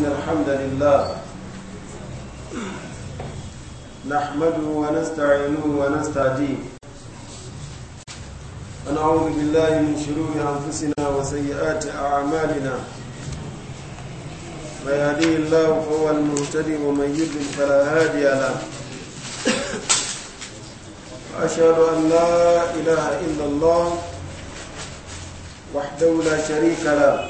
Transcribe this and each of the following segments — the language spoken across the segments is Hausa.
إن الحمد لله نحمده ونستعينه ونستعديه ونعوذ بالله من شرور أنفسنا وسيئات أعمالنا من يهديه الله فهو المهتدي ومن يضلل فلا هادي له وأشهد أن لا إله إلا الله وحده لا شريك له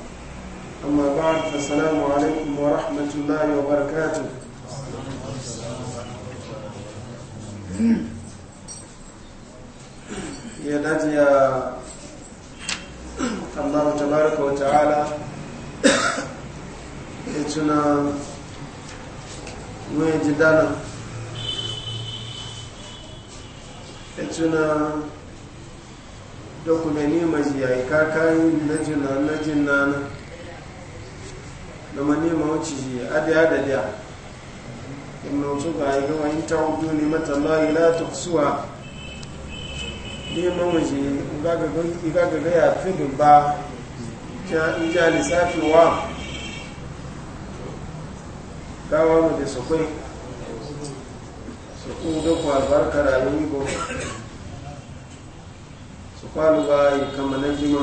أما بعد فالسلام عليكم ورحمة الله وبركاته يا دجي الله تبارك وتعالى يتنا ويجدنا يتنا dokumeni majiyayi kakayi na jina na jina na da mani mawuci daya da daya inna wasu ga yi gawa yin ta hudu ne mata yi na ta kusuwa ne mawuci igagaga ya ba dubba in ja lissafi wa gawa mu da sakwai su kun ga kwa barka rayuwa ibo su kwalu ba yi kamalan jima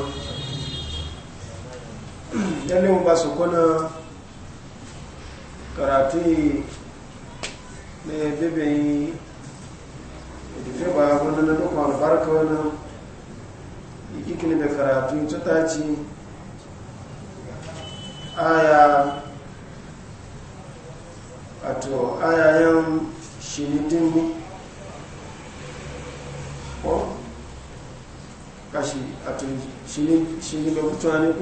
yanayin ba su kuna karatu yi na bebe yi edife ba wani na nufa wani barka wani ikikin da karatu ta taci aya ato ayayen shinitin ko kashi ato shinitin lokutan ne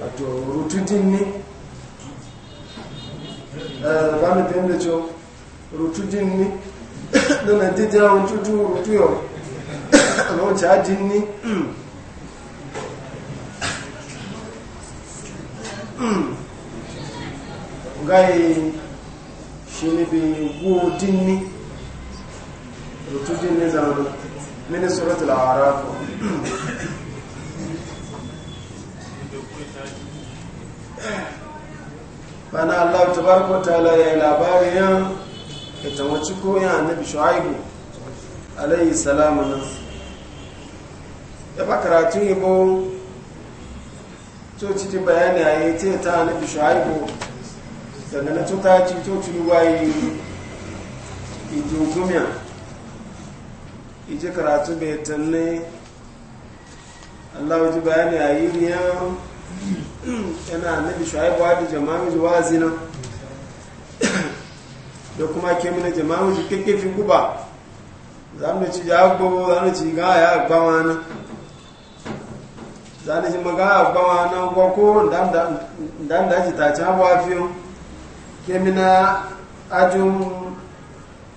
a to rututin ne bami pende cho rutu dinni dana didira rutu rutu yo no cha dinni gai shine bi go dinni rutu dinni zanu min suratul a'raf bana allah tabaraka wa ta'ala ya labarin yan ita wacce ko yan annabi shu'aibu alayhi salamu nan ya ba karatu yabo coci ti bayani ya yi ta ta annabi shu'aibu daga na tuka ci coci luwayi ijogumiya ije karatu bai tanne allah ji bayani ya yi ne yana annabi shu'aibu wa da jama'u zuwa zina da kuma ke mina jama'u ji fi kuba za mu ci ya gbogbo za mu ci ga ya gbawa na za mu ci maga gbawa na gwako dan da ji ta ci abuwa fiyo ke mina ajin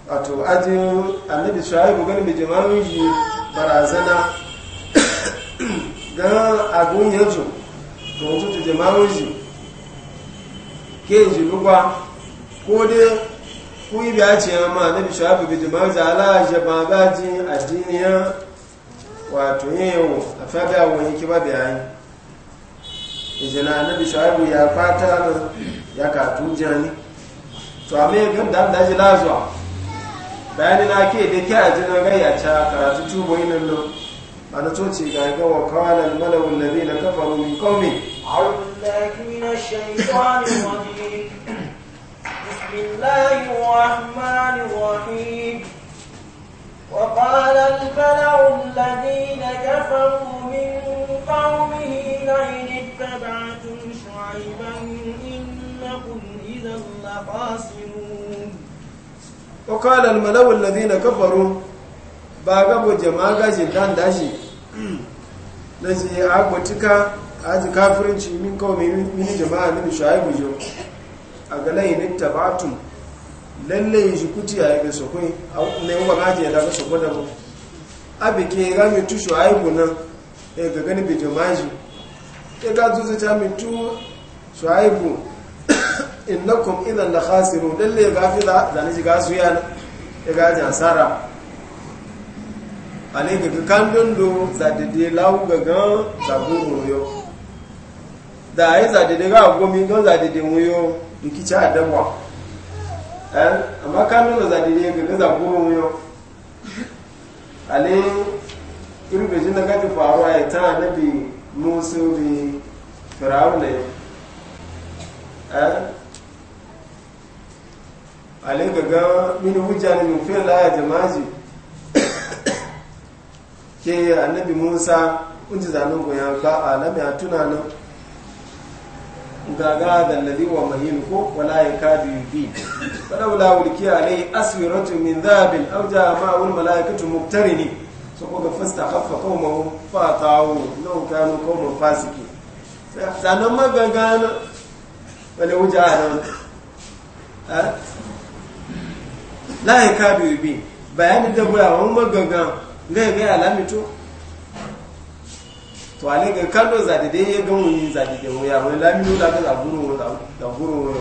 wato ajin annabi shu'aibu gani mai jama'u ji barazana ga abun yanzu tòun tó tètè máa ń rìn lukwa ko dai kó dé kú ibi àti ẹran máa níbi ṣọ́ àbẹ̀bẹ̀ za máa ń ba aláàjẹba bá di àdínníyàn wato yin yawo a faɗi a wani kiba bayani ijina na bi abu ya fata na ya jiya ni to a mai gam da ji lazuwa bayani na ke da ke a jina gai a ca karatu tubo yin nan ba na toce ga ga wa kawalan malawun nabi na kafaru min kaumi أعوذ بالله من الشيطان الرجيم بسم الله الرحمن الرحيم وقال البلع الذين كفروا من قومه لئن اتبعتم شعيبا إنكم إذا لخاسرون وقال الملو الذين كفروا باغبو جماغا جدان داشي نجي أبو تكا aji kafirinci min kawai mini jama'a ni bi shu'aibu jo a galai ni tabatun lalle shi kuti a yabe so kai ne ba gaje da ga so da mu abi ke ga mi tu shu'aibu nan ya e ga gani bi jama'a ji ya e ga zuzu ta mi tu shu'aibu innakum idan la khasirun lalle ya gafi da zani ji ga su yana ya e ga ji asara ale ga kan dondo za de lawu ga ga saburu yo da ya zadede ga gomi don zadede wuyo rikici a dabwa eh, amma kanun nuna zadede ga gaza goro wuyo ale irin da gaji faruwa ya ta nabi musu bi firawun ne eh, ale gaga mini hujja ne mu fiye la ya jamaji ke annabi musa unji zanen goyon ba a lamya tunanin gaga da alladhi wa mahin ko wala yi bi falawla ulkiya alayhi aswiratu min dhahabin aw jaa ma'ul malaikatu muqtarini so ko fasta khaffa qawmuhum fa ta'u law kanu qawmun fasiki sanan magagana wala a ha la yakadu yubi yi da bayani wannan magagan ga ga alamito to ale ga kando za da dai ga mun za da dai ya wani laminu da ga guru da guru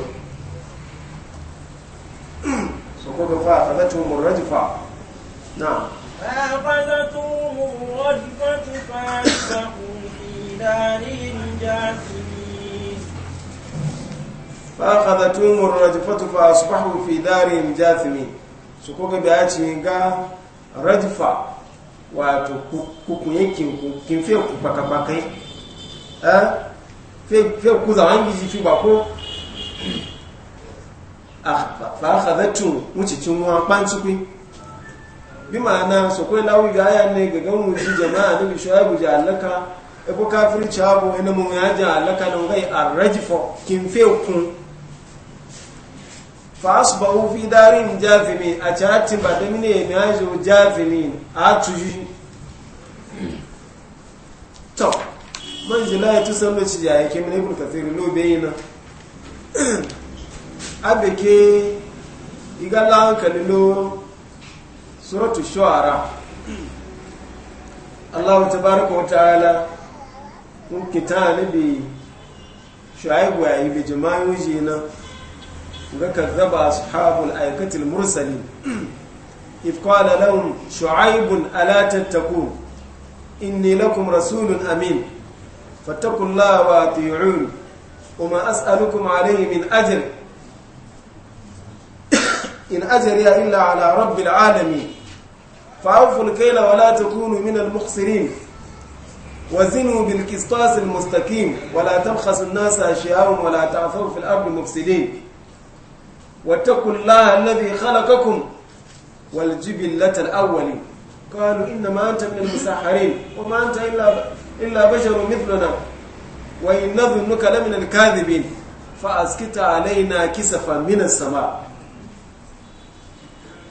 so ko fa fa da tumu rajfa na فأخذتهم الرجفة فأصبحوا في دارهم جاثمين فأخذتهم الرجفة فأصبحوا في دارهم جاثمين سكوك بأتي رجفة wato kukunye kin fe ku pakapaka eh fe ku za wangi ji fi ba ko ah fa akhadhatu muci cin wa panci ku bi ma'ana so ko lawu ga ya ne ga gan e e mu ji jama'a ne shuaibu ja allaka Ebo bo kafir chabo ina mun ya ja allaka don gai arrajfo kin fe kun fasbahu fi darin jafimin a cati ba da mine mai hajo jafimin a tuji to man jila ya tusan da cija ya kemina ibn kafir lo bayina abeke igala hankali lo suratu shuara Allah tabaraka wa ta'ala kun kitani bi shu'aibu ya yi bi jama'i na وكذب أصحاب الآية المرسلين إذ قال لهم شعيب ألا تتقون إني لكم رسول أمين فاتقوا الله وأطيعون وما أسألكم عليه من أجر إن أجري إلا على رب العالمين فأوفوا الكيل ولا تكونوا من المخسرين وزنوا بالقسطاس المستقيم ولا تبخسوا الناس أشياءهم ولا تعثوا في الأرض مفسدين واتقوا الله الذي خلقكم والجبلة الأولين قالوا إنما أنت من المسحرين وما أنت إلا إلا بشر مثلنا وإن نظنك لمن الكاذبين فأسكت علينا كسفا من السماء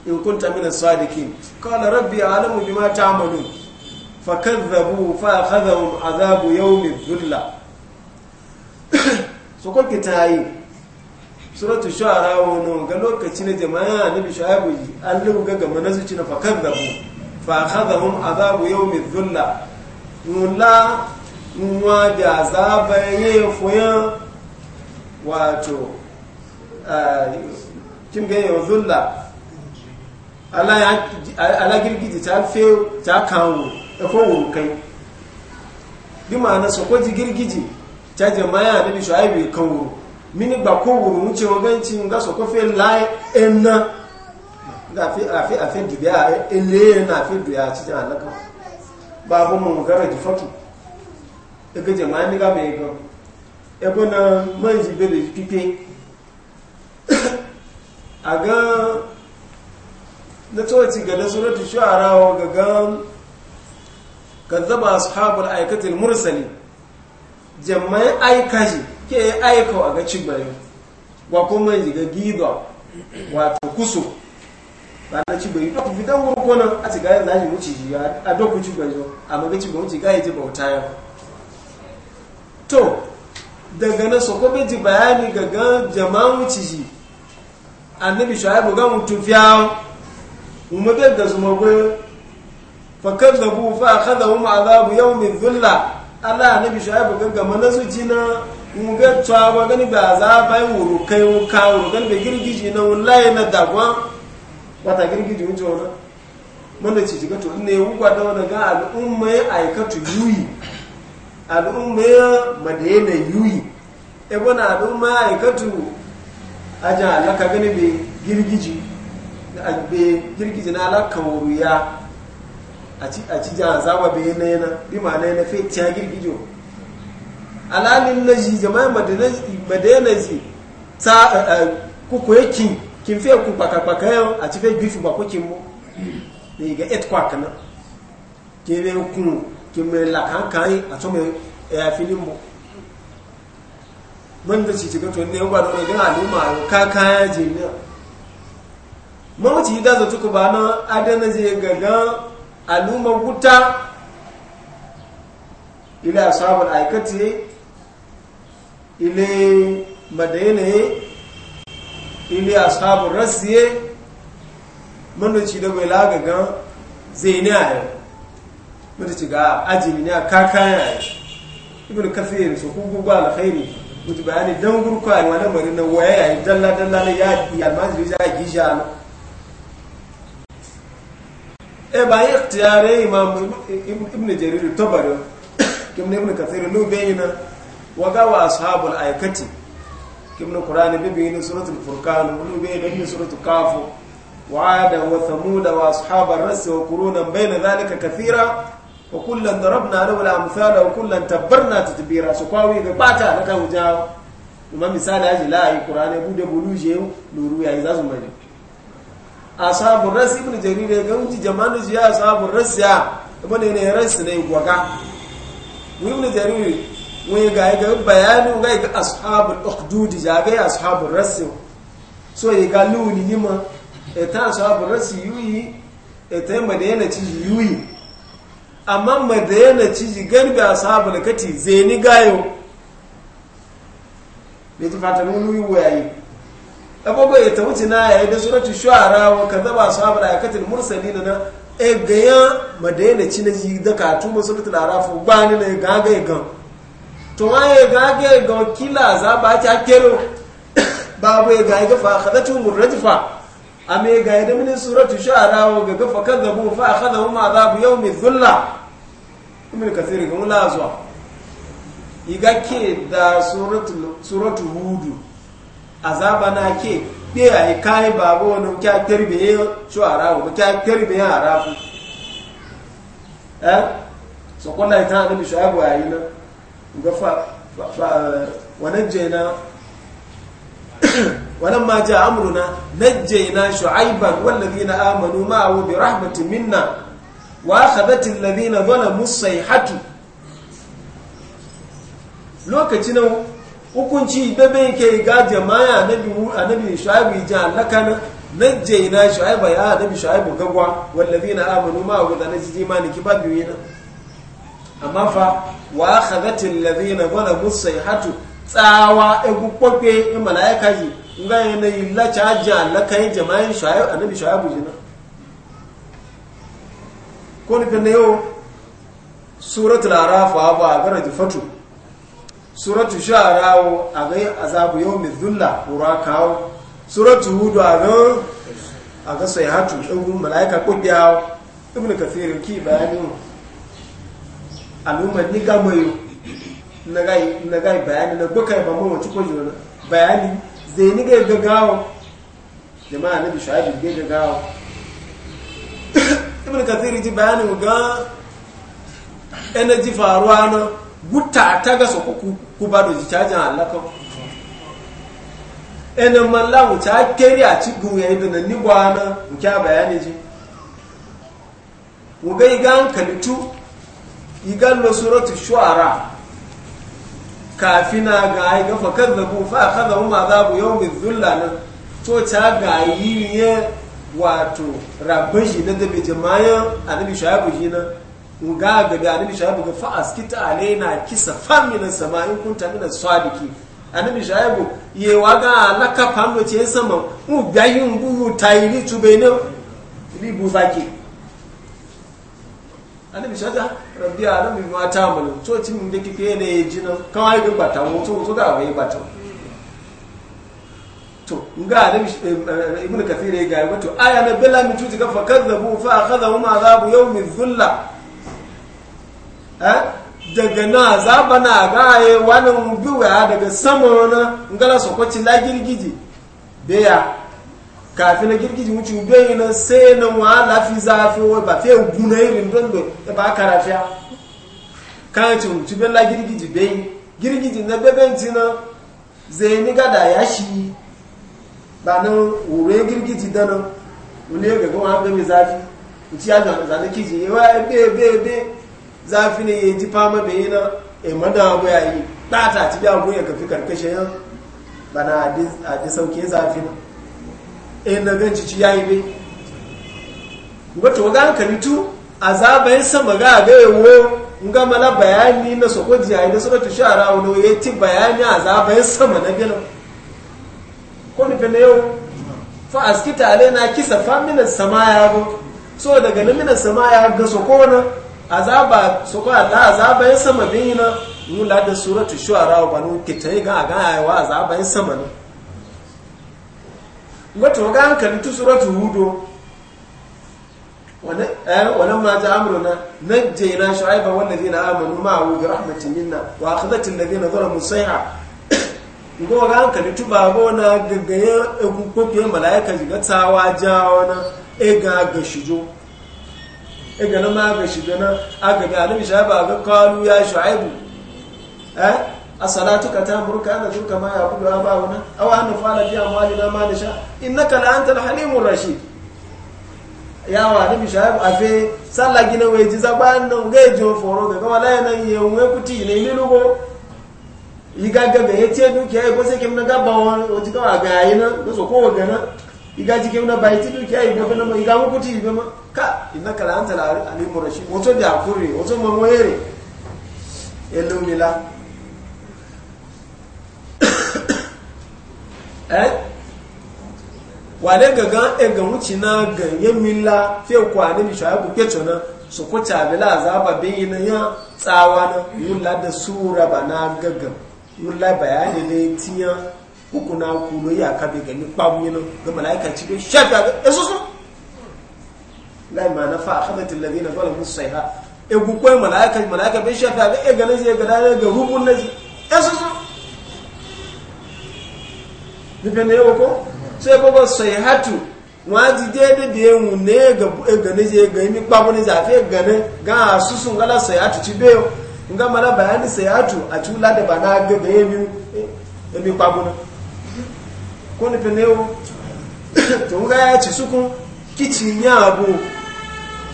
إن كنت من الصادقين قال ربي أعلم بما تعملون فكذبوا فأخذهم عذاب يوم الذلة سكون كتائي suratu shu'ara wono ga lokaci na jama'a annabi shu'aibu Allah ga gama na zuci na fakar da mu fa akhadhahum azabu yawmi dhulla mula nwa da azaba yayin foya wato kin ga yau dhulla ala girgiji ta fe ta kawo da kowo kai bi ma'ana sokoji girgiji ta jama'a annabi shu'aibu kawo mini gba ko wuru mu ce wagan ci nga so ko fe lai e, ena nga fi afi afi dubia e, ele na afi dubia ci jan alaka babu mu gara ji fatu e ga jama ni ga me go e bo na manji bebe pipe ga na to ci ga da suratu shu'ara wa ga ga kazzaba ashabul aikatil mursalin jama'ai aikaji ke aika a ga cibayin wa kuma yi ga gida wato kuso ranar cibayi ta ku fitan gurgunan a cigayen zashi wuce shi a doku cibayi a maga cibayi wuce ga yaji bauta yau to daga nan so kuma ji bayani ga jama'an wuce shi annabi shu'aibu ga mutum fiyawo umma bai ga zuma goyo fakar da bufa a kada umma azabu yau mai zulla ala annabi shu'aibu gaggama na zuci na muga tsawa gani ba za a yi wuru kai mu wuru gani ba girgiji na wulaye na dagwa wata girgiji wuce wani wanda ce jiga to ne wuka da wani ga al'umma ya tu yuyi al'umma ya madaina yuyi ebo wani al'umma ya a aja alaka gani be girgiji be girgiji na alaka wuru ya a ci jazawa be yana na bi ma na yana fe tiya girgijo alamin na ji jama'a madina ji ta eh, eh, kuku ya kin kin fiye ku kwakwakwaka yau a cikin bifi ba kukin mu da yi ga 8 kwaka nan ke ne kun kin mai lakankan a to mai eh, ya filin mu mun da ci ci gato ne ba da ga al'umma ka kaya je ne mamaci da zato ku ba na adana je ga ga al'umma guta ila sabon aikati ile madaini ile ashabu rasiye mun da bai lagagan zai ne a yau mun ci ga ajimi ne a kakaya a yau ibn kafir su ku gugu alkhairi mutu bayani don gurkwa a wani marin na waya yayi dalla dalla na ya yi almajiri ya yi gisha na e ba yi tiyare imam ibn jarir tabari kimne ibn kafir lu bayina waga wa ashabul aikati kimnu qur'ani bibi ni suratul furqan wani bai da ni suratul kaf wa ada wa thamud wa ashabar ras wa qurunan bayna dhalika kathira wa kullan darabna lahu al-amthala wa kullan tabbarna tatbira su kwawi ga bata na kan jawo kuma misali aji la yi qur'ani bude buluje luru yayi zasu mai ashabul ras ibn jarir ga unji jama'an ji ashabul ras ya ibn ne ne gwaga ibn jarir wani ga ga bayanu ga ga ashabul ukhdud ja ga ashabul ras so ya ga luni ni ma e ta ashabul ras yuyi e ta madina ci yuyi amma madina ci gan ga ashabul kati zeni gayo ne ta fata mun yi wayayi abubuwa ya ta wuce na yayi da suratul shu'ara wa kadaba ashabul ayatul mursalin na e ga ya madina ci na ji da katu masulatul arafu ba ni na ga ga to waye gage ga kila za ba ta kero babu ya gage fa khadatu a ame ga da mini suratu shara wa ga fa kadhabu fa akhadhahum adhabu yawm dhulla ka kathiri ga yi ga ke da suratu hudu a zaba na ke be ai kai babu wani kya a shu'ara ba kya ya arafu eh so kullai ta da shu'abu yi na ga wanajjena walamma jaa amruna najjayna shu'ayban walladhina amanu ma'ahu bi rahmatin minna wa akhadhati alladhina zalamu sayhatu lokacin hukunci bebe yake ga jama'a annabi annabi shu'ayb ja lakana najjayna shu'ayba ya annabi shu'ayb gagwa walladhina amanu ma'ahu da najjima ni kibabiwina amma fa wa akhadhatil ladina zalamu sayhatu tsawa egu kwakwe in e malaika ji ngai yana illa caji na kai jama'i shayu annabi shuaib jina ko ni kan yo suratul araf wa ba garaju fatu suratu sharawo a ga azabu yau mai zulla suratu hudu a ga a ga sayhatu egun malaika ko biyawo ibnu ki bayanin al'umma ni ga mayo na ga bayani na gbaka ba mawa cikin jona bayani zai ni ga gagawa jama'a na bishu abin ga gagawa ibn kathir ji bayanin ga energy faruwa na guta ta ga soko ku ba da jicajin halaka enan malla wuce a kere a cikin yayi da nan nigwa na nke bayani ji mu ga iga hankali igallo suratu shu'ara kafina ga yi gafa ku fa akhadhahu ma zabu yawmi dhulla nan to ta ga yi ye wato rabban shi da dabe jama'a annabi shaibu shi nan ga ga ga annabi shaibu ga fa askita alaina kisa famina sama'in kunta min as-sadiqi annabi shaibu ye wa ga laka fando ce sama mu ga tu bugu tayri tubene libu zaki annabi shata rabbi alamin ma ta malu to cin da kike ne jinan kawai ga bata mu to to da wai bata to nga da eh, ibnu kathir ya ga wato aya na bala mi tuji ga fa kadzabu fa akhadhahum azabu yawmin dhulla eh daga na azaba na gaye wannan biwa daga sama na ngala sokoci la girgiji beya kafin na girgiji wuce ubeyi na sai na wa lafi zafi wai ba fe guna irin dondo ya e ba ka rafiya kan ci wuce ben la girgiji bai girgiji na bebenci na zai ni gada ya shi ba nan wure girgiji dana wani ya gaga wani gami zafi wuce ya zana zana kiji ya e wa ebe ebe ebe zafi ne ya ji fama beyi na ya mada e abu ya yi ɗata ci biya abu ya kafi karkashin ba na adi sauke zafi na eh na ganci ci yayi be goto ga hankali tu azaba yin sama ga ga yawo nga mala bayani na soko jiyayi da suratul shara wono yati bayani azaba yin sama na gelo ko ni fene yau fa askita alaina kisa fa min ya go so daga nan min ya ga soko na azaba soko Allah azaba yin sama bin na mu la da suratul shara ba no kitai ga ga wa azaba yin sama na wato ga hankali tu su ratu wannan eh, ma ji amuru na najje na shu'aiba wanda zai na amuru ma a wuge rahmatin yinna wa a kazatin da zai na zara musaiha ga hankali tu ba ga wani gaggayen egun kofiyar mala'ika shiga tawa ja wani ega ga shijo ega na ma ga shijo na aga ga alim shu'aiba ga kwalu ya shu'aibu eh? asalatuka tamuruka an nadurka ma yabudu abawuna aw an biya bi amwalina ma nasha innaka la antal halimur rashid ya wa nabi shaib afe sallah gina we ji zaban nan ga jo foro ga wala yana ye unwe kuti ile ile lugo igaga ga yace duke ai ko sai kim na gaba wani oji ka ga yana ko so ko ga na igaji kim na bai ti duke ai ga na iga mu kuti ga ma ka innaka la antal halimur rashid wato da kuri wato mamoyere elumila eh wale gaga e ga wuci na ganye milla fe kwani mi shayabu keto na su kuta bila azaba bayi na ya tsawa na yulla da sura na gaga yulla bayani ne tiya uku na kulo ya ka bi gani kpawu yin ga malaika ci shafi shafa ga esusu eh, la ma na fa akhadat alladhina zalamu sayha e gu koy malaika malaika be shafa ga e ganin je ga dare ga rumun naji esusu eh, bibe ne ko sai gogo sai hatu wa ji dede de enwu ne ga e ga ne je ga mi kpabo ne za fe ga ne ga asusun gala sai hatu ti be nga mana bayani sai hatu a tula da bana ga ga yemi emi kpabo ne ko ne pe ne o to nga ya ci sukun kici nya abu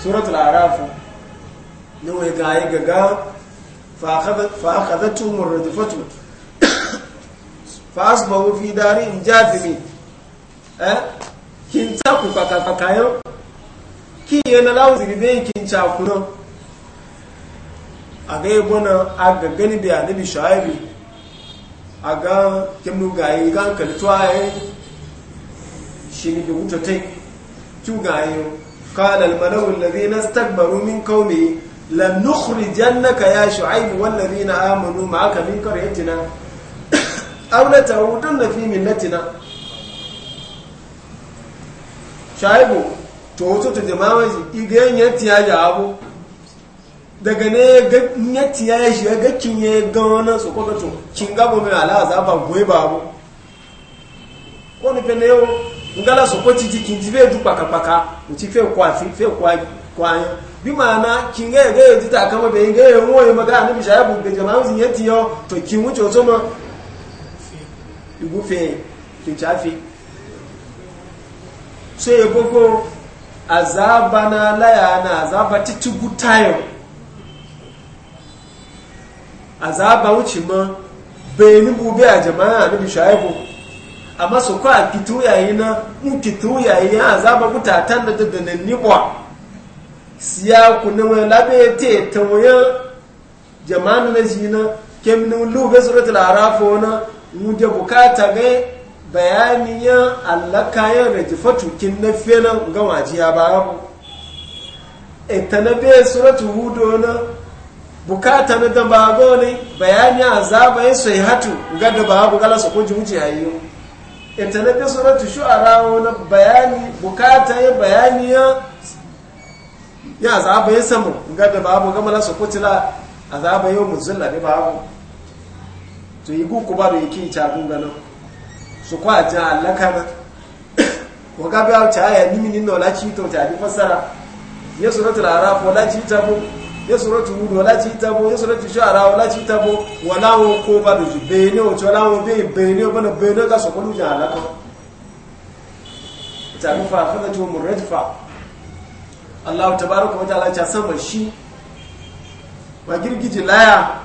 suratul araf ne we ga ga fa akhadhatu murrajfatu fa'asbahu fi darin jazimi eh kin taku kaka kaka yo ki yana lawo ziribe kin cakuno aga yabona aga gani da annabi shaibi aga kimnu gayi ga kaltwaye shi ne wuta tai tugaye قال الملو الذين استكبروا من قومه لنخرجنك يا شعيب والذين آمنوا معك من قريتنا aw la ta'udanna fi millatina shaibu to wato ta jama'a iga yanya tiya ya abu daga ga ya shi ga kinye ga to ba abu ne ngala so titi ti kin ve du paka paka fe kwa fi fe kwa kwa bi mana kin ga ga ti ta kama be ga yo mo yo maga ne bi shaibu yo to so ma igufe kicafi so ya gogo azaba na laya na azaba titugu tayo azaba wuce ma bayani bube a jama'a na bishaibu amma su kwa kitu yayi na in kitu yayi ya azaba kutatan da dadanin nibwa siya kuna wani labe te ta wayan jama'a na jina kemnin lube suratul arafa wani mu da bukata ga bayani ya allaka ya kin na fenan ga wajiya ba mu ita e na be suratu hudu na bukata na da ba ne bayani azaba ya sai hatu ga da ba bu gala su ko jimuci hayyo e ita na be suratu shu'ara na bayani bukata ya bayani ya ya azaba ya samu ga da ba bu gama la su ko tila azaba yau muzilla ne ba bu to yi guku ba da yake ita gunga nan su kwa jan allaka nan waga a ta aya nimi ninna wala ci ta bi fasara ya suratul araf wala laci ta bo ya suratul hud wala ci ta bo ya suratul shu'ara wala ci ta bo wala wo ko ba da ju be ne o to la wo be be ne o bana be ne ka so ko jan allaka ta bi fa fa da to murajfa Allah tabaraka wa ta'ala ta sama shi wa girgije laya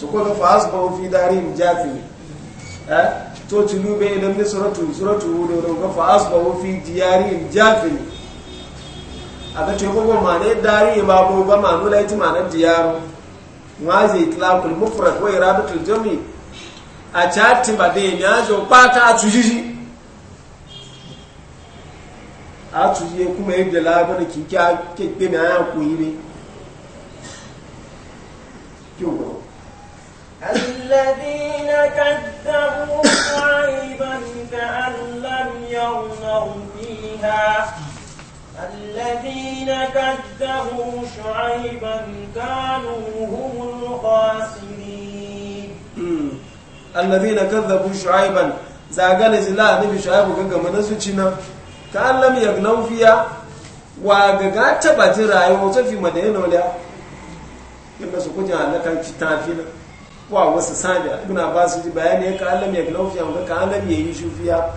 su kuma fa asbahu fi darihim jafili eh to tulu bai nan ne suratu suratu hudu da fa asbahu fi diyarihim a aga to ko ma ne dari ba ko ba ma nuna ma nan diyaru ma zai itlaqul mufrad wa iradatul jami a chati ba dai nya jo pata atujiji atujie kuma yadda labar ki kya ke pe mi aya ne الذين كذبوا شعيبا كأن لم يغنوا فيها الذين كذبوا شعيبا كانوا هم الخاسرين الذين كذبوا شعيبا زاغال زلا نبي شعيب غغما نسوچنا كان لم يغنوا فيها وغغا تبجي تفي مدينه ولا يبقى سكوتي على كان تافينا wa wasu sada ba su ji bayani ka allam ya glaufi laufiya ka allam ya yi shufiya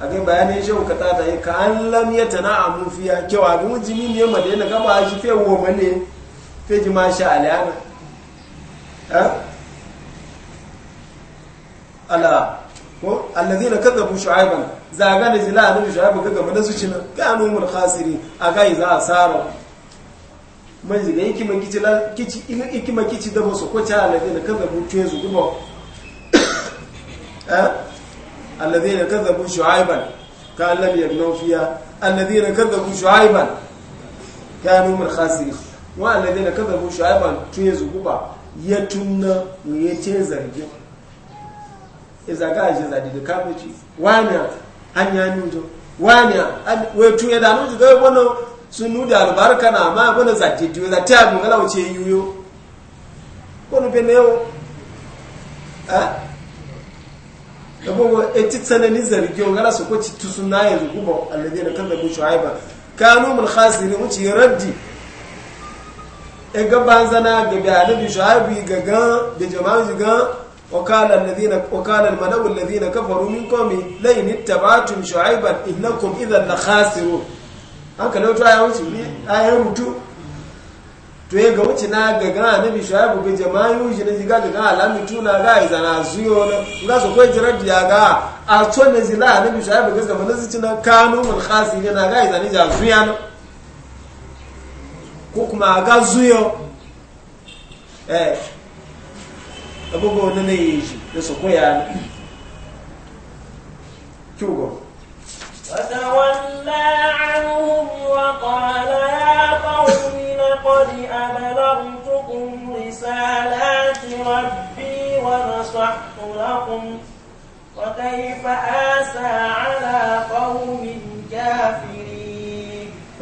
a ga bayanin shi ka ta ta ka allam ya amu fiya kyau kewa ga mujini ne ma da yana gaba shi fiye wa mane fiye ji ma sha alana ha ala ko allazina kadzabu shu'aiban zaga da jila da ga gaba madan su cina kanu a khasirin za a asara man ziga yake man kici la kici in yake man da da su ko ta alladina kadzabu tuyezu dubo ha eh? alladina kadzabu shu'aiban ka lam yagnu fiya alladina kadzabu shu'aiban kanu min khasir wa alladina kadzabu shu'aiban tuyezu ya tunna mu ce zargi iza e ga ji zadi da kabuci wani hanya nujo wani wetu ya da nujo da wannan sun nuda albarka na ma bana zaje tiyo za ta mu ngala ko yuyo kono beneo a kabo etitsana ni zargiyo ngala soko chitusu naye zukubo alladhina ku shuaiba kanu min khasirin wuce raddi e gaban zana ga bi annabi shuaibi ga ga da jama'a ga وقال الذين وقال الملأ الذين كفروا من قومه لئن اتبعتم شعيبا انكم اذا لخاسرون hankali wato ya wuce ya mutu to ya ga wuce na gaga annabi shuaibu ga jama'u shi ne ga gaga alami tuna ga a na zuyo na ga so ko jira dia ga a to ne zila annabi shuaibu ga zama na zucina kanu mun khasi ne na ga iza ne ja zuya na ko kuma ga zuyo eh abubuwa ne ne yi shi da so ko ya kyugo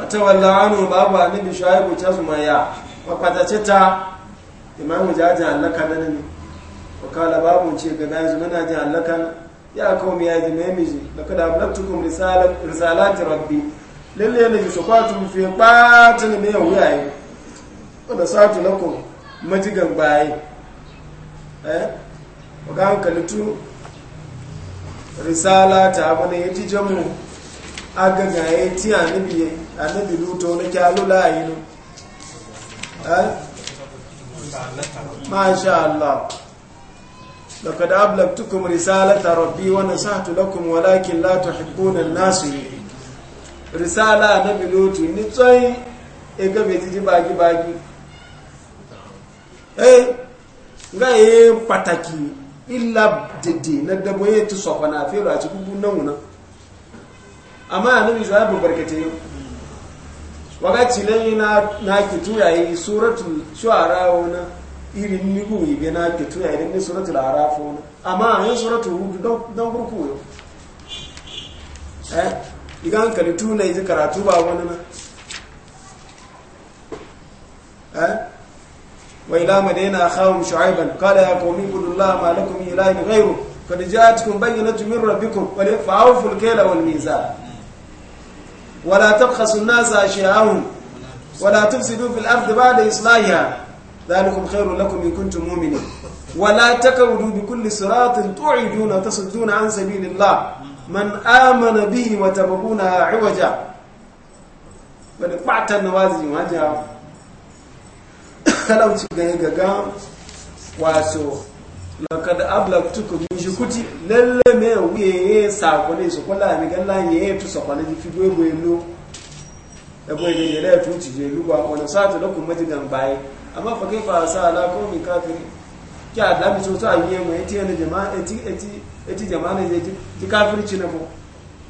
tawalla anu babu annabi shaibu ta sumaya wa fatacita imamu jaji allaka nan ne wa babu ce gaba yanzu muna ji allaka ya kawo ya ji mai miji da kada kuma risalati rabbi lalle ne su kwatu fi kwatu ne mai wuyaye wanda satu na kun majigan bayi eh ga hankalitu risalata ta abu ne ya ji jamu agaga ya ti anibi luto na kyalula ayinu eh sha Allah لقد أبلغتكم رسالة ربي ونصحت لكم ولكن لا تحبون الناصحين رسالة نبي لوط نتوي ega bai jiji bagi bagi eh ga ye pataki illa dede na dabo ye tu so kana fe ra ci bubu nan wuna amma annabi zuwa bu wakati na irin ni bu ibe na ke tuya irin ni suratul araf amma yin suratul hud don don burku yo eh igan kali tuna yi karatu ba wani na eh wa ila madina akhahum shu'aiban qala ya qaumi ibudullaha ma lakum ilahun ghayru qad ja'atkum bayyinatun min rabbikum wa fa'awfu al-kayla wal mizan ولا تبخسوا الناس أشياءهم ولا تفسدوا في الأرض بعد إصلاحها ذلكم خير لكم إن كنتم مؤمنين ولا تقعدوا بكل صراط تعيدون وتصدون عن سبيل الله من آمن به وتبغونها عوجا ونقبعت النوازي وجا لو تغيغا واسو لقد أبلغتكم من شكوتي للمي ويه ساقوني سقولا ميغلا يهتو سقولا في بوي بوي لو ebo ile ile tuti je luwa wala sa ta lokum majidan baye amma fa kaifa sa ala qaumi kafirin kya da mi so ta yi mu eti ne jama'a eti eti eti jama'a ne eti ti kafirci na ko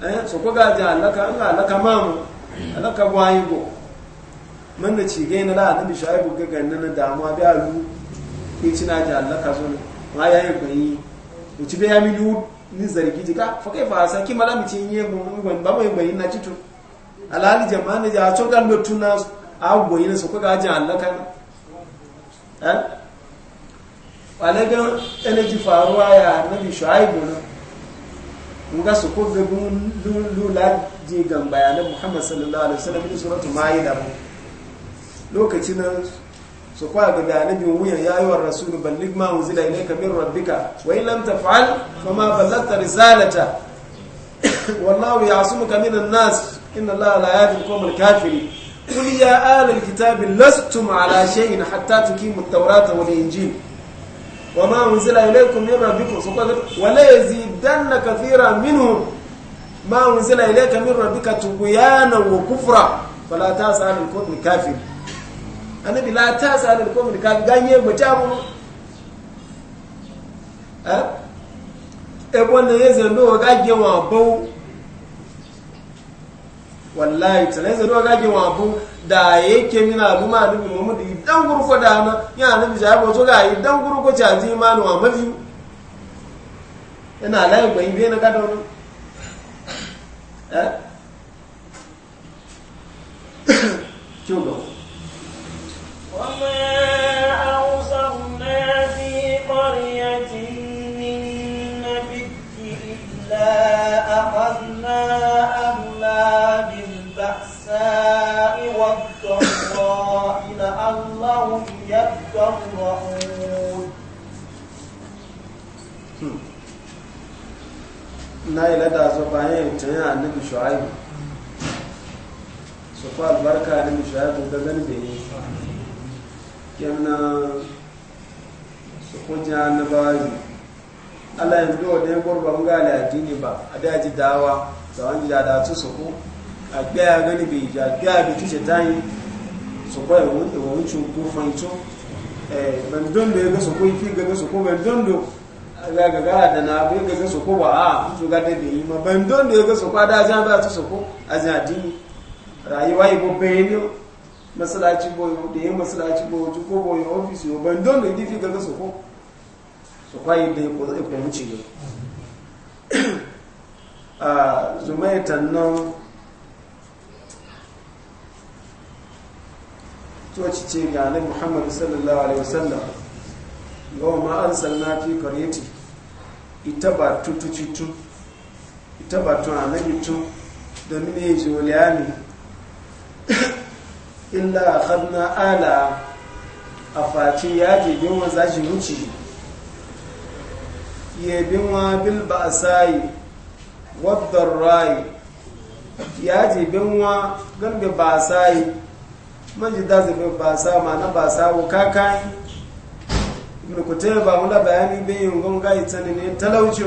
eh so ko ga ja alaka an alaka mamu alaka wayi go man da ci gaina da annabi shaibu ga gannan na damuwa bi alu ki na ja alaka so ne ma yi bayi uci be ya mi du ni zargi jika fa kaifa sa ki mala mi ci yi mu ba mai bayin na citu alali jama'a ne ja to ga lotuna a goyi ne so ko ga ja alaka wane ga energy faruwa ya nabi shu'aibu na ga su ko ga lula ji gan bayanan muhammad sallallahu alaihi wasallam ne suratu maida mu lokacin nan su kwa ga da nabi wuyan yayuwar rasulu ballig ma unzila ilayka min rabbika wa in lam taf'al fa ma ballaghta risalata wallahu ya'sumuka minan nas inna allaha la yahdi al-qawm al-kafirin قل يا آل الكتاب لستم على شيء حتى تقيموا التوراة والإنجيل وما أنزل إليكم من ربكم ولا يزيدن كثيرا منهم ما أنزل إليك من ربك طغيانا وكفرا فلا تأس عن القوم الكافر النبي لا تأس عن القوم الكافر قال يجب جابوا أه؟ ابونا يزن له قال يجب wallahi tare zaro gage wa abu da yake mina abu ma nabi muhammad idan gurfa da na ya nabi ja ba to ga idan gurko ta ji ma no mafi ina lai ba ibe na gado eh kyogo wa ma awsarna fi qaryatin أخذنا أهلا بالبأساء والضراء لعلهم يتضرعون naila da su bayan tun yana annabi shu'aibu su fa albarka annabi shu'aibu da gani da yi kenan su kunya annabawa Allah yanzu zuwa da ya ba mu gane addini ba a da ji dawa da wani da da su soko a gaya gani bai ja gaya bi tushe ta yi soko ya wuce ko fanto ban don da ya ga soko yi fi su ko ban don do ga ga ga da na bai ga ko ba a su ga da bai ma ban don da ya ga soko da jan ba su soko a jan addini rayuwa yi gobe ne masalaci boyo da yi masalaci boyo ko boyo ofis yo ban don da ya fi ga soko su kwayi da ko zai wuce yau a zumai tannan toci ce ga nan sallallahu alaihi wasallam yau ma an sanna fi kwariti ita ba tutuci tu ita ba tun anabi tun da mini joliyami illa akhadna ala a faci yaji yin wanzashi wuce yau yebinwa bilba'asai waddarrai ya ji binwa gambe basai manji da bin basa ma na basa wo kakai ibn ba wala bayani bin yungon ga ita ne talauci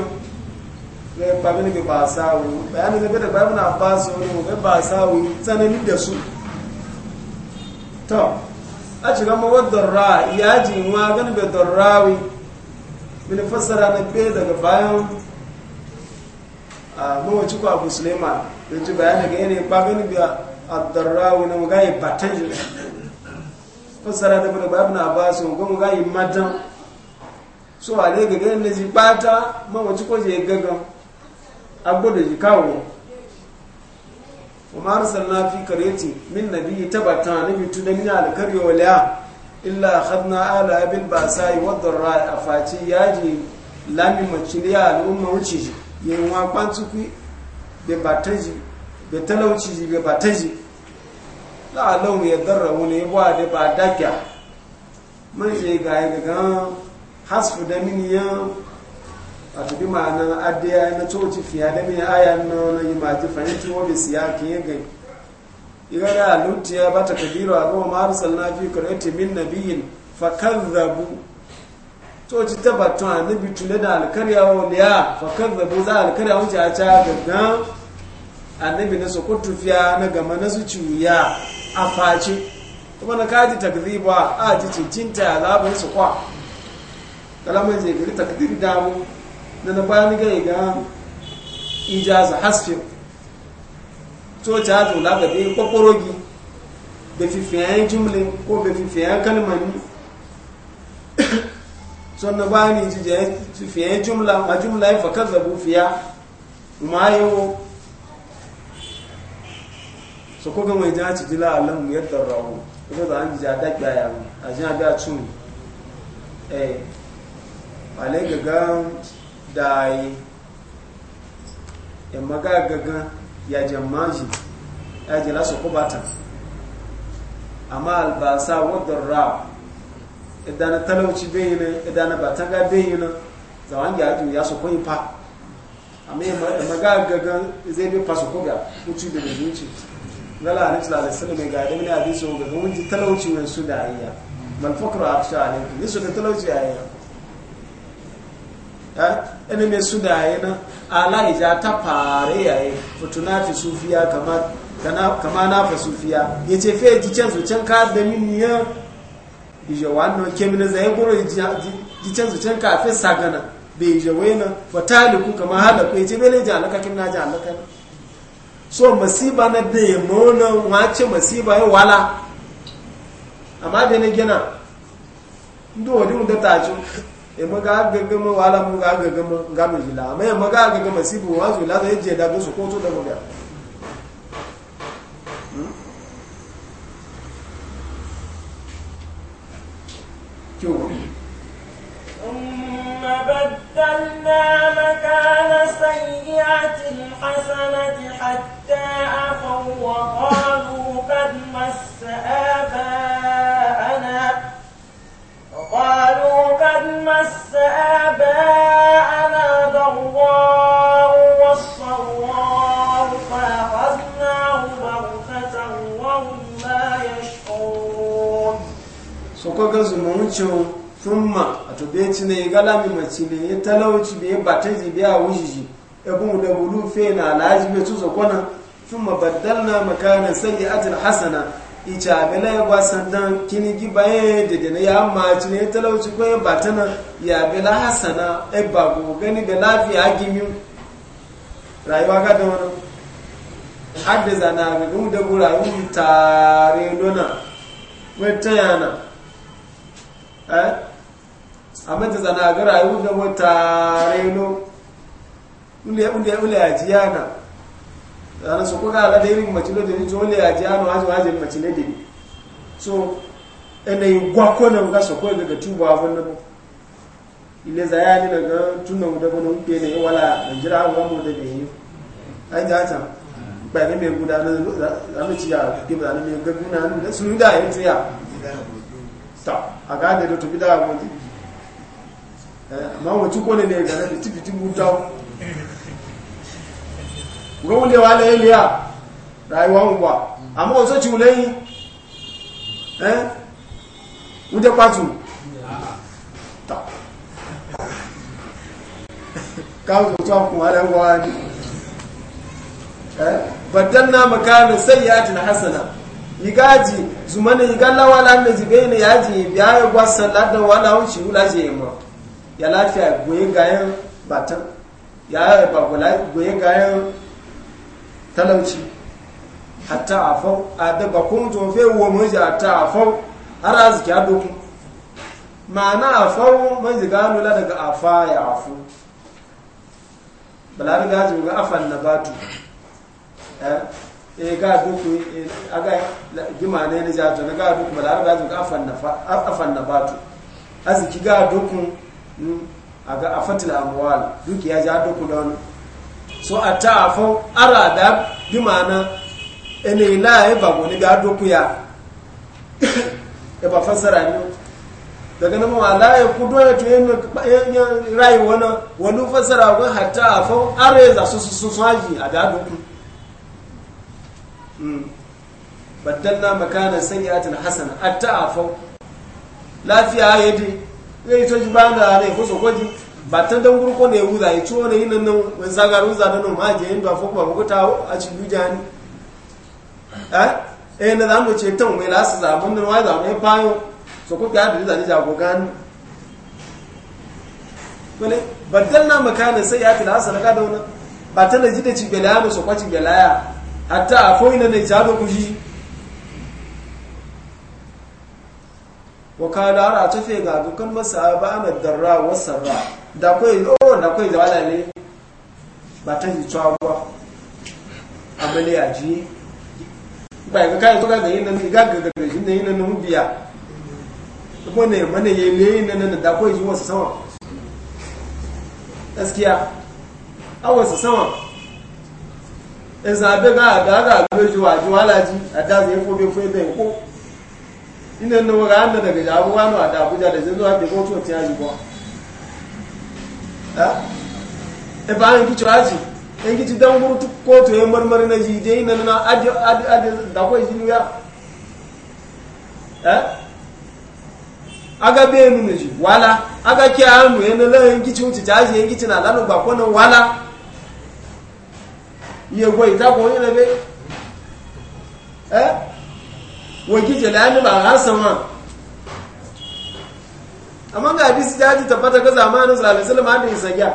ga babin ga basa wo bayani zabe da babin ba su ne ga basa wo tsanani da su to a ci gama waddarra ya ji wa gambe darrawi mini fassara na fiye daga bayan a ah, mawaci ko abu suleiman da ji bayan daga yanayi ba gani biya a darrawo na magayi batan fassara da bada bayan na ba su ga magayi matan so a ne gaga yanayi ji bata mawaci ko je gaga abu da ji kawo kuma na fi kareti min na nabi tabata nabi tunani da da karyo liya illa akhadna ala bil basai wad darra afati yaji lami maciliya al'umma wuce ji yin wa kwantsuki be bataji be talauci ji be bataji la alau ya darra wani ba da ba dakya mun je ga ga hasfu da min ya wato bi ma'ana adiya na coci fiya da min aya na wani ma ji fahimci wa bi siyaki ya gani igana alunti ya bata kabiru abu ma na fi qaryati min nabiyyin fakadhabu to ci tabbatun annabi tule da alkarya waliya fakadhabu za alkarya wuce a ta gaga annabi na sokotu fiya na gama na su wuya a face kuma na kaji takziba a ci cincinta ya zaɓin su kwa kalaman zai gari takdir damu na na bayan ga ijaza hasfin tó ta tó lágbàdé kọ́kọ́rọ́ gi bẹ fi fẹ̀yàn jùmlẹ̀ kó bẹ fi fẹ̀yàn kalmar ni sannan ba ni ji fẹ̀yàn jùmla ma jùmla ya fakar zabu fiya ma yi wo so ko gama jan ci dila alam yadda rawo ko da an ji da kaya a jan ga tún eh ale gaga yi yamma ga gaga ya jammaji ya jila su kubata amma albasa wadda rawa idan na talauci bayyana na idan na batan ga bayyana zawon ya ju ya su kwayi fa amma magagagan zai bi fasu kuga mutu da zuci gala a tsala da sani mai da mini a ga ga mun ji talauci wani su da ayya mal a aksha alaikum nisu da talauci ayya ẹni eh? mai su da yayi nan ala paare ta fare yayi fituna fi sufiya kama na fa sufiya ya ce fe ji can zucen ka da min ya ije kemi kemin zai goro ji can zucen ka fe sagana bai ije wena fataliku kama halaku ya ce bele ji alaka kin na ji alaka so masiba na da ya mauna wace masiba ya wala amma da na gina ndo wani da ta e maga gagama wala mu gagama ga jila amma maga gagama sibu wa zula zai je da su ko to da maga kyau ثم بدلنا مكان سيئة الحسنة حتى عفوا وقالوا قد مس آباءنا وقالوا قد مس آباءنا ضراء والصراء فأخذناه بغتة وهم لا يشعرون سوكوكا زمونتشو ثم ne igala mi macile ya talauci biya bataji biya wujiji ebun da bulu fe na alhaji bai tuzo kwana makanan sai ya ajin hasana. icha abela ya wasan dan kini giba ya dede na ya maci ne talauci ko ya na, ya bela hasana e bago gani ga lafiya gimi rayuwa ga da wani adda zana ga gumu da gura yi tare dona wata yana eh amma da zana ga rayuwa da wata reno ule ule ule ajiyana ana su kuka ala da irin mace da ni jole le jiya no aja aja mace ne ni so ene yi ko na ga so daga ga tuba ile na ya zayani daga tunan da gono ke ne wala jira ga mu da bi yi da ta ba ne me guda na zamu ci ya ke ba ne me ga guna ne su da yin tiya ta aga da tobi bi da mu eh, amma mu kone ne ne ga da tibi tibu gọ́wọ́lẹ̀ wà lẹ́yìn lẹ́yà ràíwá ń wà àmọ́ ọ̀sọ́ ti lẹ́yìn ẹ́ ń jẹ́ pàtù káàkiri tó kùn arẹwà ní bàdán náà makarin sai ya eh? eh? na hasana igaji zumana igallawa landa jibe ne yaji biya ya gwasan ladan wala wuce wula je yamma ya lafiya goye gayan batan ya yi bagola goye talauci hatta a fau a daga kuntun wo mun hatta a fau, har a dokun ma'ana a fau ji gano la daga afa ya afu balari ga ji afan na batu, eh ga duku ga gima ne ne ja na ga duku balari ga ji ga afan nafa eh, eh, eh, afan nabatu azki hmm, ga a aga afatil amwal duki ya ja duku don so a ara arada bi mana ene ila e bago ni ga doku ya e ba fasara ni daga nan ma la ya e kudo ya e to yin e rai wana wani fasara ga hatta afo areza su su su haji a da doku mm baddalna makana sayyi'atin hasana hatta afo lafiya yadi zai ta ji ba da ne ko so batan dan gurko ne wuza ya ciwo ne yinan nan wani zagaru wuza na noma je yin dafo ba ko ta a cikin duja ne. Eh? eh na zamu ce tan mai lasu zamun nan wani za ya fayo so kuka yadda da zani jago wani wale na makana sai ya tila asala ka da wani. batan da jida ci belaya mu so ko ci belaya hatta afoi na ne jado kushi. wa kana ara tafe ga dukkan masa ba darra wa sarra da kwai o oh, da kwai da ne ba ta yi tsawa abale ya ji ba ga kai to ga da yin nan ga ga da shi ne yin biya ko ne mana yi ne yin nan da kwai ji wasu sama gaskiya a wasu sama in zabe ga ga ga lojo wa ji wala ji a da zai ko be ko be ko nan wa ga da daga jabu a da abuja da zai zuwa be ko to yi ba ebe ahụ nkichu aji de dan burutu kotu ya marmari na jide na na adi adi da kwa jini ya eh aga be nu ji wala aga ki anu ya na lan nkichu nti jaji nkichu na wala iye gwa ita ko yin be eh wo kije la ba ha sanwa amma ga hadisi da haji tabbata ga zamanin sallallahu alaihi wasallam hada isagiya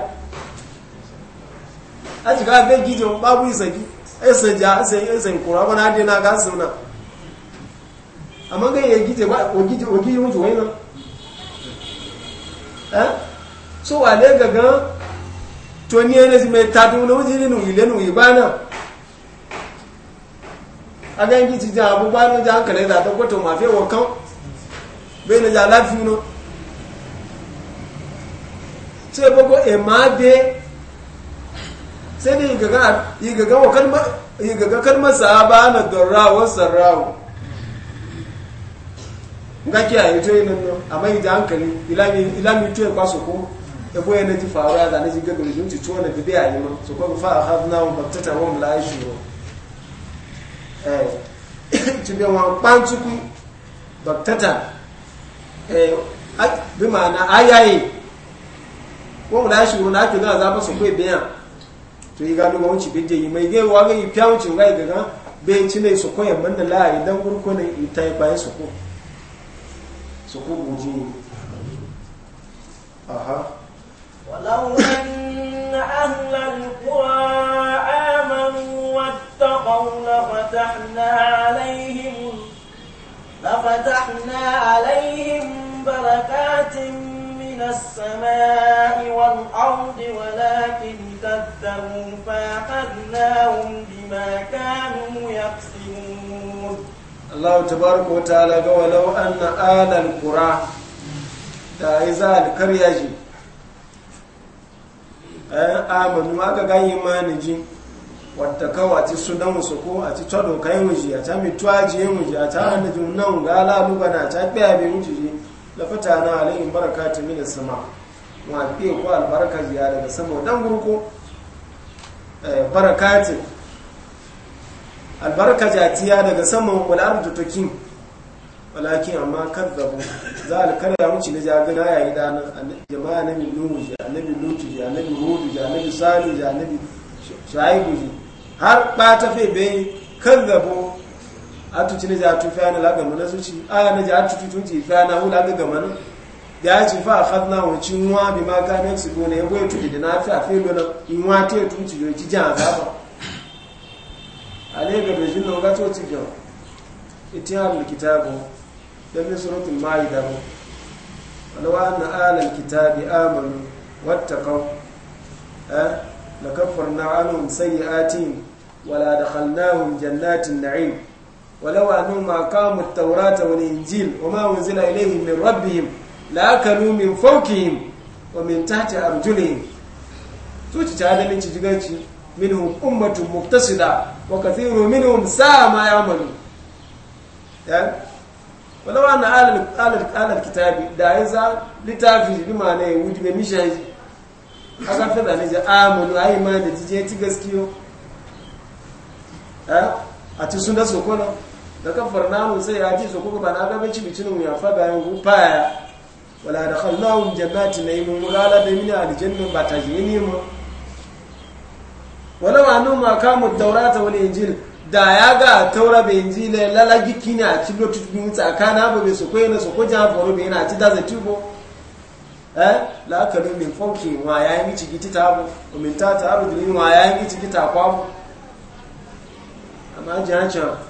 a ji ga ga gije babu isagi ai sanja sai ai sai kura bana hade na ga sunna amma ga ya gije ba o gije o gije mutu wai na eh so wale ga ga to ni ne mai tadu na wuji ne nuyi le nuyi bana a ga gije ja abu bana ja hankali da ta kwato mafi wa kan bai na ja lafi no so ya bago e ma be sai da yigaga wa kalmar yigaga kalmar na darrawa sarrawa nga ke ayi to yinan nan amma yi da hankali ilami to ya kwaso ko ya boye na ji faruwa da na ji gabe da jinci na bibi ayi ma so ko fa akhadna wa battata wa la yashuru eh tibe wa eh, eh bi ma'ana ayaye wọn na shi wọn na ke na to yi gano wọn yi mai gai wa gai fiya wucin gai gaga bayan ci ne su ko yamma da la'ayi dan gurko ne ita yi bayan su ko su ko guji aha walau an ahlal qura amanu wattaqaw fatahna alaihim la من السماء والأرض ولكن كذبوا فأخذناهم بما كانوا يقسمون الله تبارك وتعالى ولو أن آل القرى تائزا الكريجي amanu aka ga imani ji wata kawo a ti sudan wasu ko a ci tado kayan wuji a ta mituwa ji yin wuji a ta hannun nan gala lugana a ta kpe abin wuji da fata na alayhim barakatun minas sama ma fi ko albarka ziya daga sama dan gurko eh, barakatun albarka jatiya daga sama wal da walakin amma kadzabu za a al ya wuce na ya yi dana jama'a na min ji annabi lutu ji annabi hudu ji annabi salu ji annabi shu'aibu ji har ba ta fe bai kadzabu atu cine ja tu fa na la ga mana a na ja tu tu ji fa na hula ga mana da ya ci fa a khadna wa ci nwa bi ma ka ne su ya bo tu da na a fa fe lo na nwa te tu ji yo ji ja ga ba ale ga be jin no ga to ci jo itiyar al kitabu da min suratul maida ba alwa anna alal kitabi amanu wattaqaw eh lakaffarna anhum sayiatin wala da dakhalnahum jannatin na'im ولو أنهم أقاموا التوراة والإنجيل وما أنزل إليهم من ربهم لأكلوا من فوقهم ومن تحت أرجلهم توتي هذا من تجيغيتي منهم أمة مقتصدة وكثير منهم ساء ما يعملون ولو أن آل آل الكتاب دايزا لتافي بما نه ودي بمشي هذا fada ne ja amanu ai ma da tije ti gaskiyo da kafar namu sai ya ce su kuka ba na gaba ci bicinin ya fa bayan gufa ya wala da kallon jannati na yi mun mulala da mini aljanna ba ta je ne mu wala ma nu ma kamu ta wani injil da ya ga taura bai inji ne lalagi kini a ci lotu bin tsakana ba bai su koyi na su ko jan foro bai ci daza tubo eh la ka lu min fonki wa ya yi ci ta bu min ta ta abu yi wa ya yi ci gita kwabu amma cewa.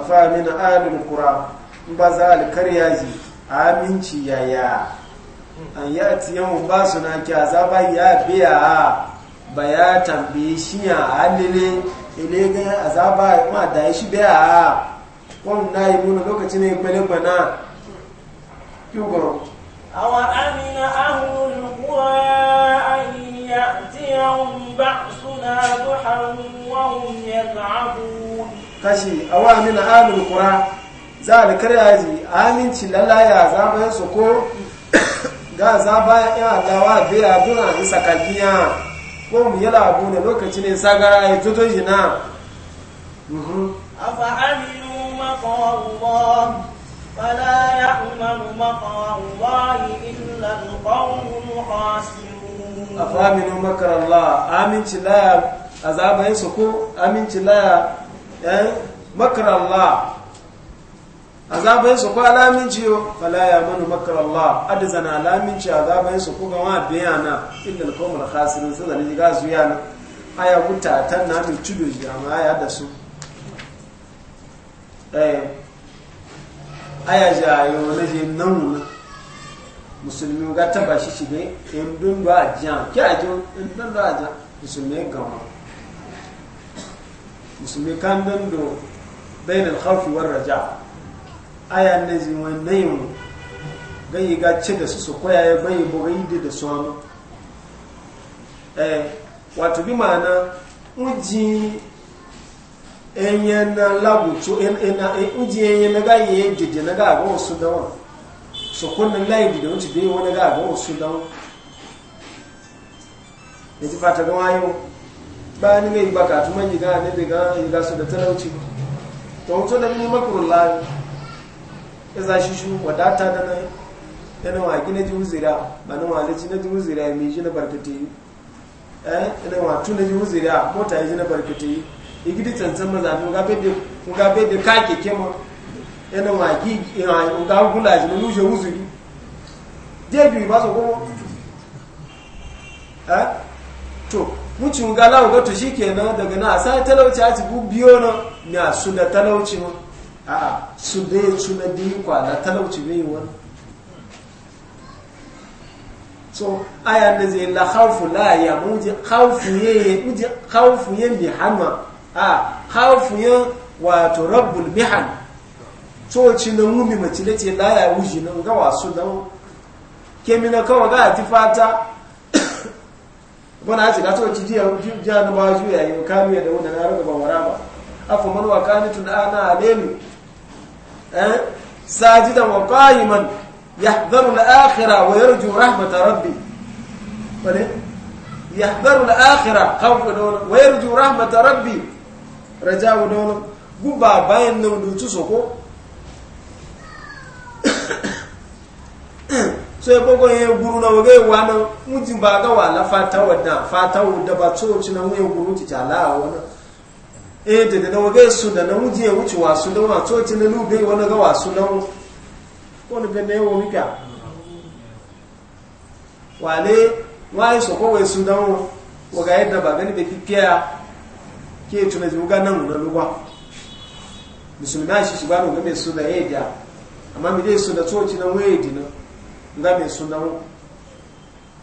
afamin alul qura in ba za alkarya ji aminci yaya an ya tiyan ba su na kya za ba ya biya ba ya tambaye shi ya halile ile ga azaba ma da shi biya kun na yi mun lokacin ne bane bana kyugoro awa amina ahlul qura an ya'tiyahum ba'suna duhan wa hum yad'abun kashi a wa mina amin kura za a karya yaji aminci lalaya za bayan su ko ga za a bayan yan adawa biya duna isa sakakiya ko mu yi labu ne lokaci ne sagara ya tuto shi na mhm. afa aminu makawar fala ya umaru makawar illa alƙawun khasirun afa aminu makarar la aminci laya a su ko aminci laya eh makar Allah azaban ko alamin ciyo fala ya manu makar Allah adzana alamin ci azaban su ko ga wa bayana illal qawmul khasirun sai da ga su yana aya guta tan na mi tudu amma ya da su eh aya jayo na je nan na musulmi ga taba shi shige in dundu ba jan kya ajo in dun ba jan musulmi gama musulmi kan don do bayan alkhawfi war raja aya ne ji wannan yin gayi ga ce da su su koya ya bayi bo gayi da su hannu eh wato bi ma'ana uji enyi na lagutu ena uji enyi na ga ya jeje na ga go su da wa so kunnan layi da wuce bai wani ga go su da wa ne ji fata ga wayo ba ni yi ba ka tuma yi gane da daga yi gasu da talauci ba to mutum da ni makarun lari ya za shi shi wadata da nan yana wa gina ji huzira ba na wa zaci na ji huzira mai ji na barkate yi eh yana wa na ji huzira mota yi ji na barkate yi igidi tsantsan maza ne ga bebe ka keke kema yana wa gi ga gula ji na nuje huzuri je biyu ba su kuma eh to mucin gala ga to shi kenan daga na sai talauci a cikin biyo na na su da talauci ma a'a su da su na biyu kwana talauci bai wani so aya da zai la khawfu la ya muje khawfu ye muje khawfu ye bi hama a khawfu ye wato rabbul mihan so ci na mumi mace ce la ya wuji nan ga wasu nan kemina kawai ga fata. wana ci ga tsoci jiya jiya na yi kamiya da wanda na raga ba ba afa man wa kanitu ana alelu eh wa rabbi wa rabbi guba bayan nan dutu soko so ya bogo ya guru na waga yawa na ba ga wala fata wadda fata wadda ba tsoci na wuya guru ti jala a eh da da waga na muji ya wuce wasu da wa na lube wani ga na wani bane yawa wika wale wani so kowai su da waga yadda ba gani kikiya ke zuga nan na lugwa musulman shi shi ba no game su da yadda amma mi dai su da na nga mai suna mu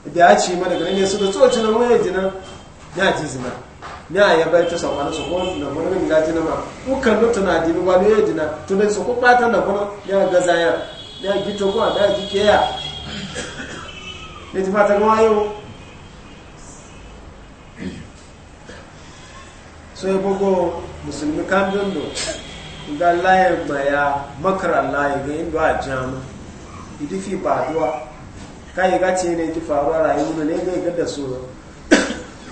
da ya ci mana daga ne su da tsoci na mu jina ya ji zina ya ya bai ta sakwana su ko na mu da ga jina ma ku kan na dini ba ne ya jina to ne su ko fata na kuma ya ga zaya ya gito ko da ji ke ya ne ji fata wayo so ya bugo musulmi kan dondo da layar maya makara layar ga indo a jama'a idi fi baduwa kai ga ce ne ti faruwa rayuwa ne ga ga da so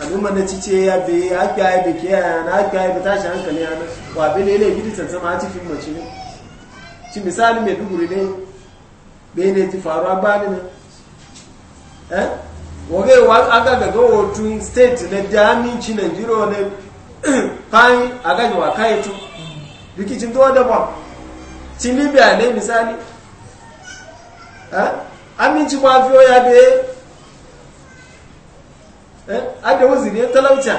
abin man da cice ya be ya ga ya be kiya na ga ya tashi hankali ya wa be ne ne gidi tsantsama a cikin mace ne ci misali mai duguri ne be ne ti faruwa ba ne eh wage wa aga ga go otu state ne da aminci Nigeria ne kai aga ga wa kai tu dikicin do da ba cin libya ne misali aminci ba fiyo ya be ada wuziri ya talauta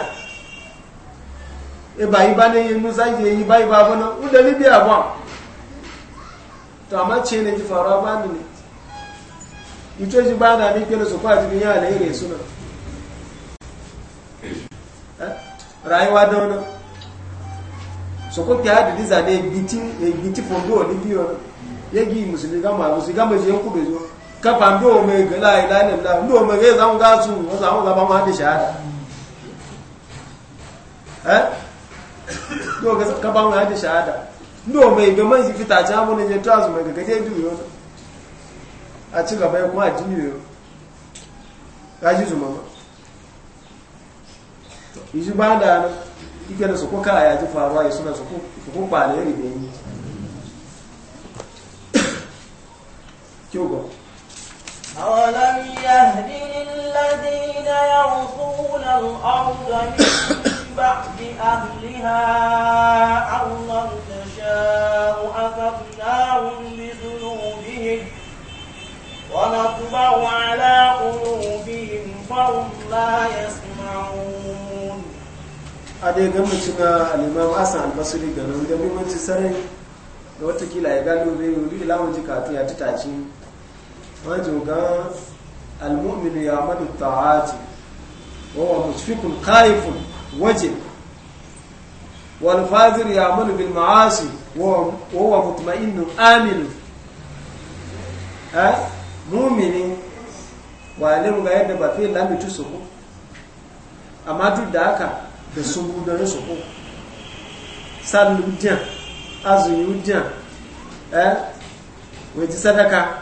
e ba yi ba ne yi nusa yi ba yi ba bana libya ba to amma ce ne ji faruwa ba ne ito ji ba na ni kele su kwa jini ya alayi suna rayuwa da wani so ko ki hadi diza ne bitin fondo libya biyo yegi musulmi ga ma musulmi ga ma je ku bezo ka pa ndo me ga la ila ne la ndo me ga za nga su mo za nga ba ma de shahada eh ndo ga ka ba ma de shahada ndo me ga man si fita ta mo ne je tazu me ga je du yo a ci gaba ya kuma addini yo ga ji su mama yi ba da ike da su ko kara ya ji faruwa ya suna su ko ba da ribe yi كيوغو أولم يهد للذين يرثون الأرض من بعد أهلها أن لو نشاء أخذناهم بذنوبهم ونطبع على قلوبهم فهم لا يسمعون أدي قمتنا الإمام أسعى البصري قالوا لم يمنتي سرين da watakila ya gano bai da lamun jikatu ya ci wajen almuminu ya madu ta'ati wawa mushfikun kaifun waje walfazir ya madu bil ma'asi wawa mutmainun aminu a mumini walin ga yadda ba fi lamitu su ku amma duk da da su su ku sallu jan azumi waje sadaka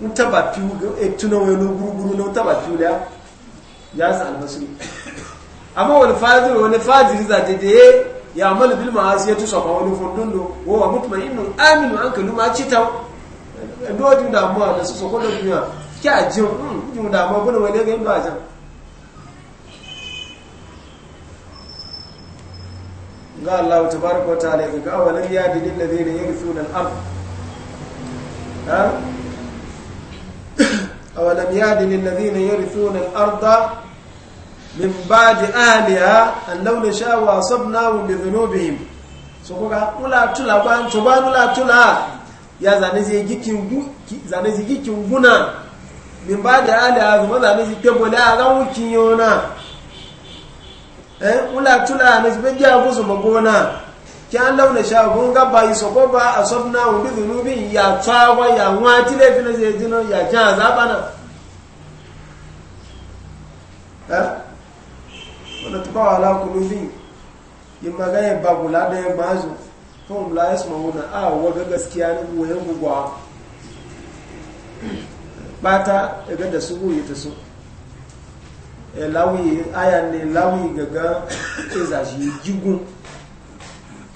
utaba piu etuna wenu guruguru na utaba piu da ya sa almasri amma wal fajir wal fajir za ta de ya amal bil ma'asi to sa wani fondon do wo wa mutmainun amin an kalu cita do din da mu da so ko da duniya ki a hmm, jin um din da mu bune wani ga yin ba ga Allah tabaraka ta'ala ga awalan ya dilil ladina yarithuna al-ard ha أولم يهد للذين يرثون الأرض من بعد أهلها أن لو نشاء وأصبناهم بذنوبهم sokoka ula tula ban to ban ula tula ya zane zai gikin zane zai gikin guna min ba da ala azuma zane zai tebola a ran tula kyan launa shagun gaba yi sako ba a sofna wani zunubi ya tsawa ya wati laifin na zai ya kyan azaba na wadda ta bawa yi magana ba gula da ya mazu kan la ya a waga gaskiya bata daga da su ta so lawi ne lawi gaga ke zashi jigun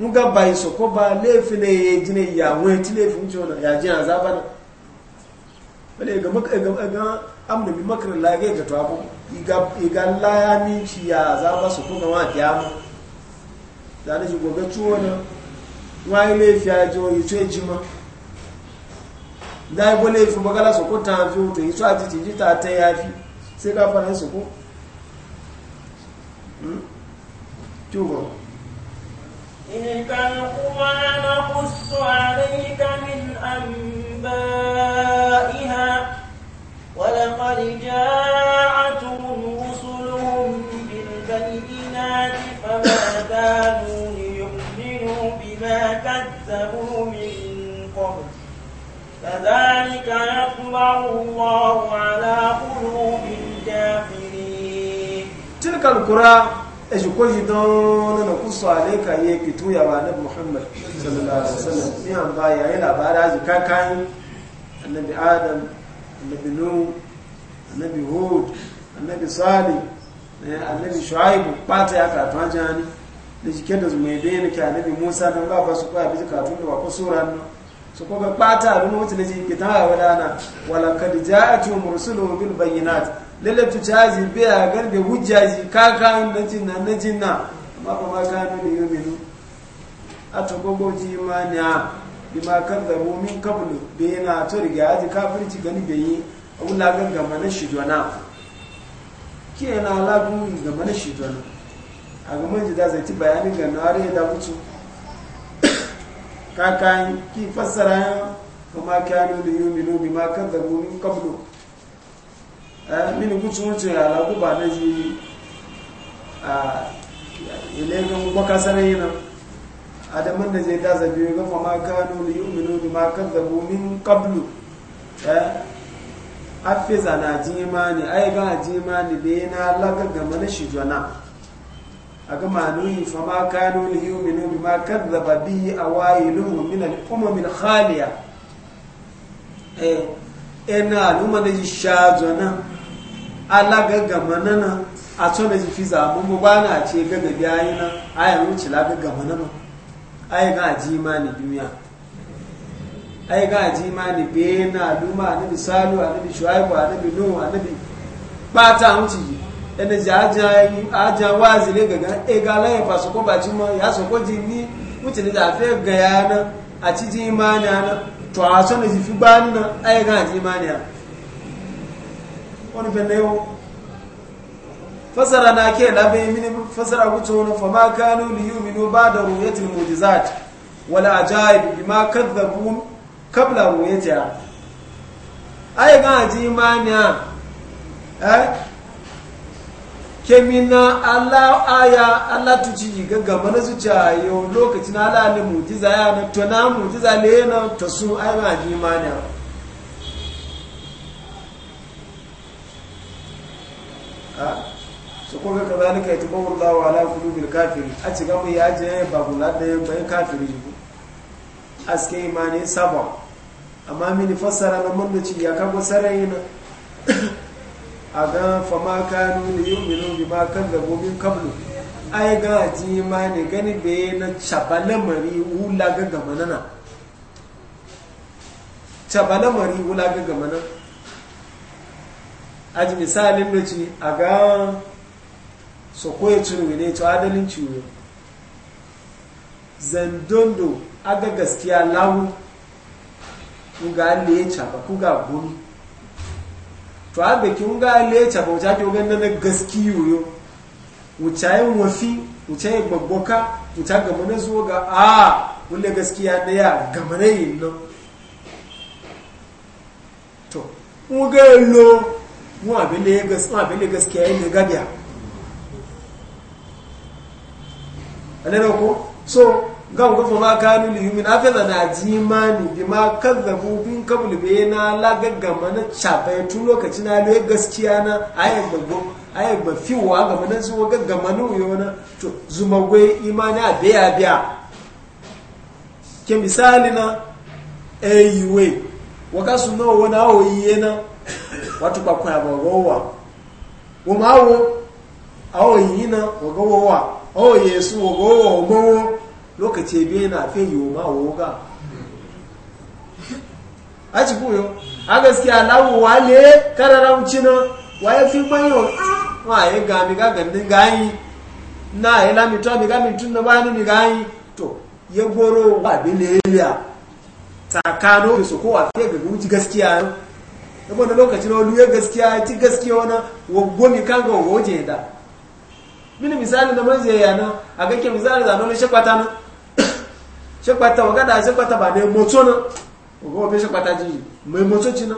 nga ba so ko ba lefi ne ya jine ya wani ti lefi mu jona ya jina za bana bale ga maka ga ga amna bi makran la ga to abu iga iga la ya mi ci ya za ba so ko ga ma ya mu da ne go ga tuwa na wa ile fi a jo yi e ji ma. da go lefi ba bagala su ko ta fi to yi to a ti ji ta ta ya fi sai ka fara su ko hmm tuwa تلك القرى نقص عليك من أنبائها ولقد جاءتهم رسلهم بالبينات فما كانوا ليؤمنوا بما كذبوا من قبل كذلك يطبع الله على قلوب الكافرين تلك القرى eji kwaji don na kusa alaika yi fito ya ba nabi muhammad sallallahu alaihi wasallam ni an ba ya yi labari aji kakan annabi adam annabi nuhu annabi hud annabi salih eh, annabi shu'aibu bata ya karatu an jani da jikin da mai bayyana ke annabi musa don ba ba su kwa bi karatu da ba sura nan su kuma a abin mutum da jikin ta wadana walakad ja'atu mursulun bil bayyinat lalatu chazi biya garbe hujjaji kakan na jinna na jinna amma ba ma ka ne yau mino a tagogoji imani a bima kan zabo min kabulu da yana to riga yaji kafirci gani be yi a wula gangama na jona ki yana ga gama na jona a ga mun ji da zai bayanin ga na ya da mutu kakan ki fassara yan ba ma kanu ne yau bi ma kan zabo min kabulu mini kucin-kucin alaku ba na ji a ilayen kwakasar yinan adamin da zai daza biyu gama ma gano da yi umaru da makar zabo min kablu afiza na jima ne ai ga jima ne da yana laga gama na shi jona a gama nuni fa ma kano da yi umaru da makar zaba biyu a waye lumu min al'ummamin khaliya ina al'umma da shi sha jona Ala alagagama nana a tsona ji fiza mu ba na ce gaga biyayi na aya wuce lagagama nana aya ga ji imani duniya ayi ga ji imani bena luma bi salu annabi shuaibu annabi nuhu bi bata wuce ji ene ji aja aja wazi le gaga e ga la fa so ko ba ji ma, ya so ko ji ni wuce ne da fe ga ya na a ci ji imani na to a tsona ji fi ba na aya ga ji imani ya. wani fende yau fasara na ke labe mini fasara wuce wani fama kanu li yuminu ba da ruyatul mujizat wala bi ma kazzabu kabla ruyatiha ai ga ji mania eh kemina Allah aya Allah tuci gaga mana zuciya yau lokacin Allah ne mujiza ya na tona na mujiza le na tasu su ai ga ji mania su kuma kaza ne kai tuba wurlawa ala kulubil kafiri a ci gama ya je ba kula da ya bayan kafiri ne aske imani saba amma mini fassara na ci ya kago sarai na a ga fama kanu da yi minu bi ma kan da gobin kablu ai ga ji imani gani bai na mari wula ga gamanana mari wula ga gamanana aji misalin da ci a ga so koya ciro ne to adalin ciwo zandondo aga gaskiya lawu kuga alle ya caba kuga gumi to abe ki kuga alle e e ya caba wuce ake wuga na gaskiyo yo wuce yin wafi wuce yin gbagboka wuce gama na zuwa ga a wule gaskiya daya gama na yin nan to kuga yi lo mu abin da ya gaskiya yin da gabiya a nan ko so ga mu gafa ma kanu liyumin afeza na ji mani bi ma kazzabu bin kabul be na lagaggama na chabai tun lokaci na lo gaskiya na ayi gbagbo ayi gba fiwa ga manan su gaggama na yona na to zumagwe imani a biya biya ke misali na ayiwe waka suna wani awo yiye na watu kwa kwa wagowa umawo awo yina wagowa awo yesu wagowa umawo lokaci ah, biyu na fe yi umawo ga a ci kuyo a gaskiya lawo wale kararan cina waye fi mayo wa ya gami ga gandun gayi na ya lamito mi gami tun na bani mi gayi to ya goro wa bileliya tsakanin su ko wa fiye ga gaskiya saboda lokacin wani ya gaskiya ya ci gaskiya wani wagomi kanga waje da mini misali na manje zai yana, a gake misali zanen na shakwata na shakwata waga da shakwata ba da moto na waga wafe shakwata ji mai moto ci na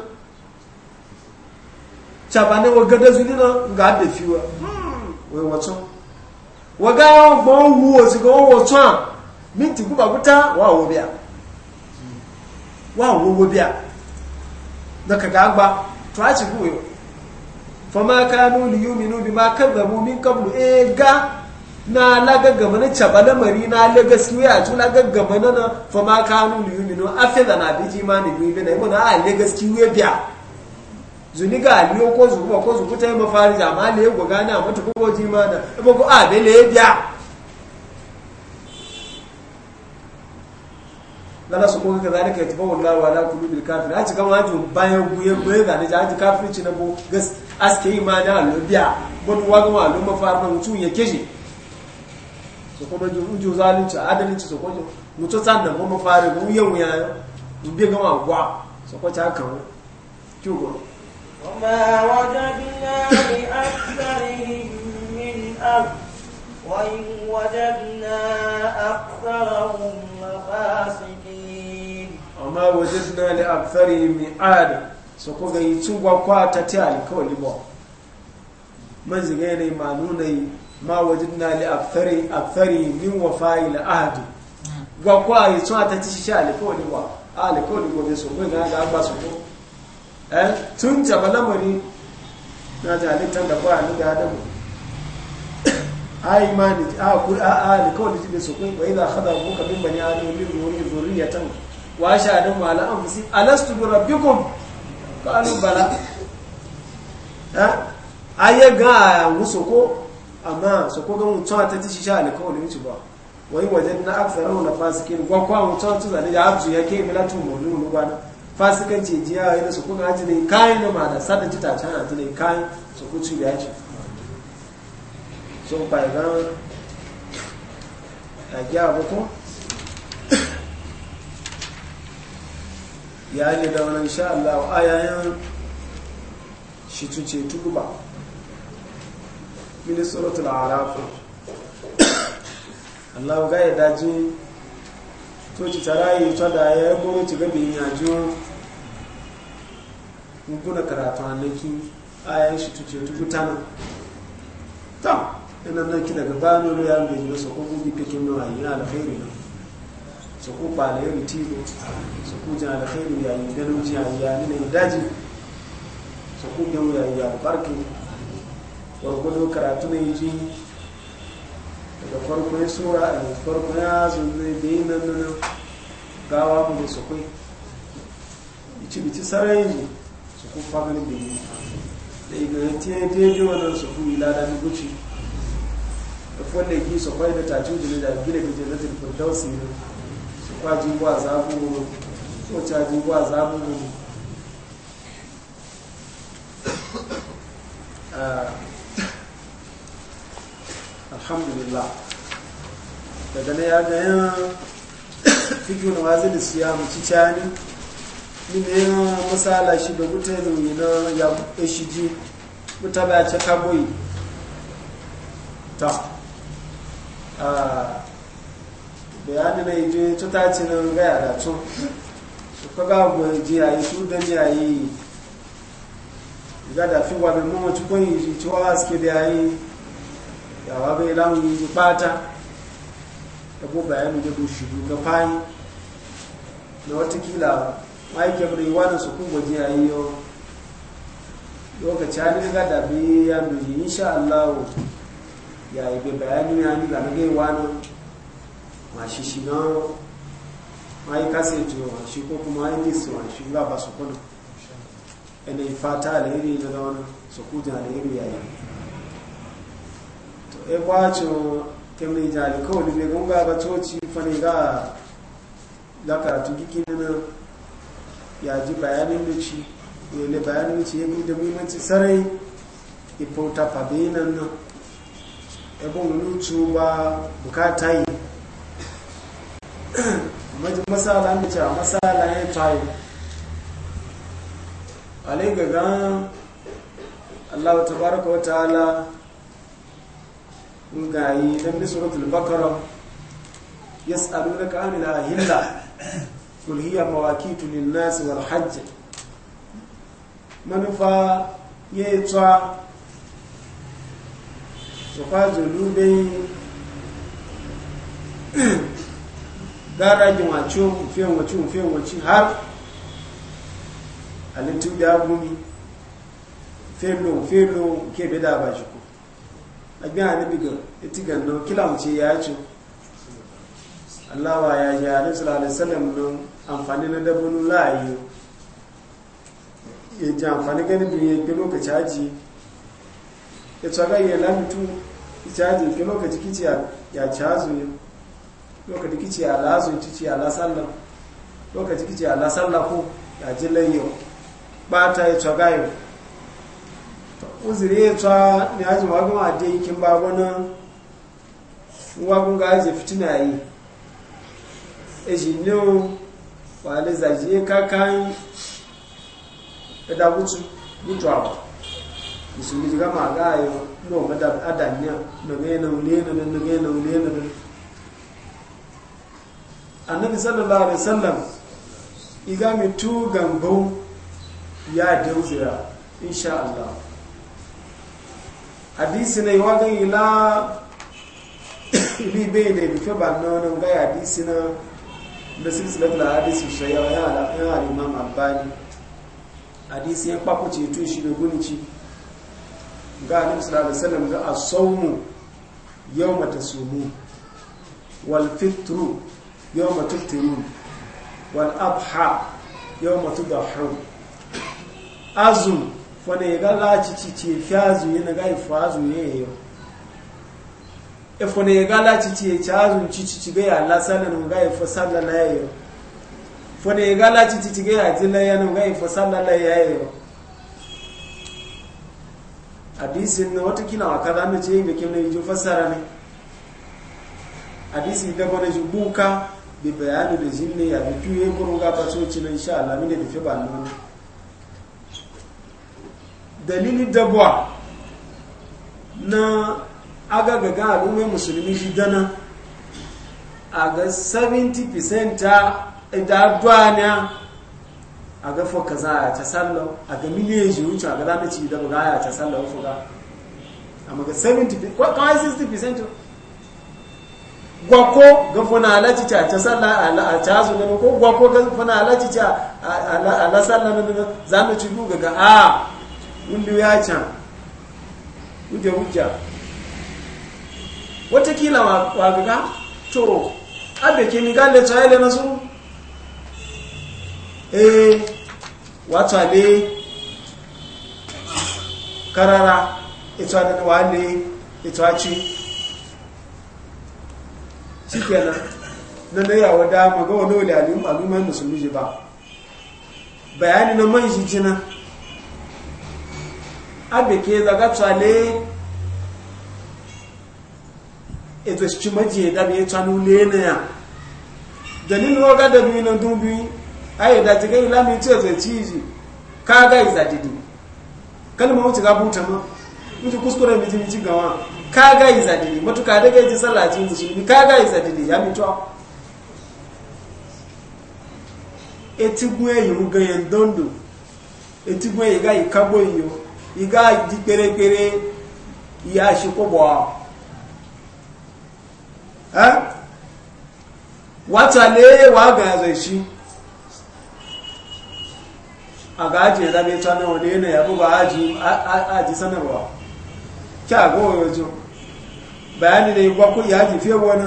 cabanin waga da zuni na ga da fiwa hmm, wai wato waga yawon gbọn wuwo su ga wato a minti guba guta wa wo biya hmm, wa wo biya daga gagba to a ci fama kanu li yuminu bima kadzabu min qablu e ga na la gaggama na caba mari na la gaskiya a tula gaggama na na fama kanu li yuminu afiza na biji ma ni bi na e, mu na a le gaskiya biya zuni ga aliyo ko zuwa ko zuwa ta yi mafarija ma le goga a mata ko ji ma na ba e, a bele biya lala su kuka kazalika ya tabawu Allah wa la kulul kafir a cikin wajin bayan guye guye da ne jaji kafirci na bo gas aske imani alubiya gudu wa gama alumma farman mutum ya keje su kuma ju zalunci adalci su kuma mutum san da kuma fare mu yau ya bi gama gwa su kuma ta kawo kyugo وما وجدنا وإن وجدنا أكثرهم لفاسقين amma wajidna li akthari mi'ad so ko ga yitugwa kwa tati alikawli ba man zige ne ma nuna yi ma na li akthari akthari min wafa'i la ahdi gwa kwa yitwa tati shi alikawli ba alikawli gobe so mun ga ga ba so ko eh tun tabalamari na jalitan da ba ni ga adamu ai ma ni a qur'a alikawli ji be so ko idan khada buka bin bani adam min wa shahadun wa ala anfusi alastu bi rabbikum qalu bala ha aye ga musoko amma soko ga mutun ta tishi sha alƙawari mutu ba wai wajen na aksaru na fasikin gwa kwa mutun tu zane ya ke bila yake milatu mulun lugana fasikan ce jiya yana soko ga ji ne kai na mana sada ci ta tana ji ne kai soko ci ya ci so ba ga a gya ba ko ya da wani sha Allah a yayin shi tuce tuba mini suratul araf Allah ga ya daji to ci yi ta da ya gomi ci ga bin yajo karatu kuna karatu a yayin shi tuce tukutana Ta ina nan ki daga bano ya mai yi so kogogi gubi pikin nawa ina alkhairi na su ku fala yau tilo su ku jina da khairu ya yi ganin jiya ya ni ne daji su ku gamu ya yi albarki gwargwado karatu ne ji daga farko ya sura a yi farko ya zunzai da yi nan nan gawa mu da su kai ici bici sarai ji su ku fagani da yi da igayyace daidai wannan su ku yi lada ni guci da kwallaki su kwai da tajin jini da gina gajiyar da dausi ne kwaji gwa zabu so caji gwa ah, alhamdulillah daga na ya ga yan fikiyo na da siya mu ci cani nime yan masala shi da wuta ya zumi na ya kuɗe shi ji wuta ba ya kaboyi ta ah, bayani na ijo to ta ci na ga ya da tun su ka ga go ji ayi su da ji yi ga da fi wa be mu yi ko yi to aske da ayi ya wa bai lan yi ji bata da go bayani da bushi shi fayi fani da watakila, kila yi ke wani su kun gwaji ji yi yo lokaci an ga da bi ya yi insha Allah ya yi bayani ya ni ga ga wani mashi shigan mai kasance wa shi ko kuma an yi su wa shi ga ba su kuna ina yi fata alheri da da wani su kuta alheri ya yi to e kwacin kemgbe jari kawai ne gunga ga coci fane ga lakaratu giki na ya ji bayanin da ci ne bayanin da ci ya e bi da muhimmanci sarai ipota e fabe nan na. ebe olutu ba bukata yi masala an bica masala ya tayo ale gaga Allah tabaraka wa ta'ala ga yi dan bi suratul baqara yas'alunaka anil ahilla kul hiya mawaqitu lin nas wal hajj manufa ya tsa su kwazo lubin gara gin wace wacce wace mufe wace har halittu ya gumi felo felo ke bai da ba shi ku a gina da ga iti gando kila mace ya ce allawa ya ji a sallallahu alaihi wasallam amfani na dabbanu la'ayi ya ji amfani ganin bin yake lokaci haji ya tsaga ya lamitu ya caji ke lokaci kici ya cazu yau lokaci kici ala zo cici ala sallah lokaci kici ala sallah ko ya ji layo ba ta yi tsagayo uzuri ya tsa ne aji wa gama da yakin ba wani wagun ga ji fitina yi eji ne o le zaji kakan ẹ̀dàgútù nítò àwọ̀ ìsìnkú ti ká máa gáà yọ náà na adàníyàn na olé na olé nàgẹ́nà annabi sallallahu alaihi wasallam iga mi tu gambo ya dauzira insha Allah hadisi ne wa ga ila bi be ne bi fa ba no no ga hadisi na da silsilat la hadisi shayya ya ala ya imam abbani hadisi ya kwako ce tu shi da gunici ga annabi sallallahu alaihi wasallam ga as-sawmu yawma tasumu wal fitru يوم تفترون والأضحى يوم تضحون أزم fone ga laci cici fiazu ga e fone ga laci cici chazu cici ciga ya la sana no ga ifa sala la yo fone ga laci ya ya no ga sala la hadisin na wata kina wa kaza ne ce ga kin ju fasara ne hadisi da bane ju buka bi bayani da zinne ya bi tuye kurun gaba soci cinan sha Allah mine da fi ba nan dalili dabwa na aga ga ga al'ummar musulmi shi dana aga 70% ta da a aga fuka kaza ya ta sallo aga miliyan ji wuce a ga zama ci da buga ya ta sallau fuka amma ga 70% kawai 60% gwako ga funa alacica, ta ta sallah a ta su ko gwako ga funa alacica, ta la sallah nan za mu ci duga ga a ah, wundu ya can wuje wujja watakila wa gaga to abe ke mi gale ta ile na su eh wata le karara ita da wale ita ci shikenan na yawa dama ga wani musulmi ji ba bayani na man shi jina abe ke zaga tsale eto shi maji tsanu ya dalilin waga da na dubi da izadidi wuce ga buta ma wuce kuskure ci gawa ka ga iza dili matuka daga ji sallah ji musulmi ka ga iza dili ya mito etigun eyi ugan yen dondo etigun eyi ga ikabo iyo iga di perepere iya se ko bo ha wata le wa ga zo shi aga aji da be tsana wani ne ya bu ba aji aji sanarwa kí àgọ́ ọjọ́ bayani da igwa ko ya jife wani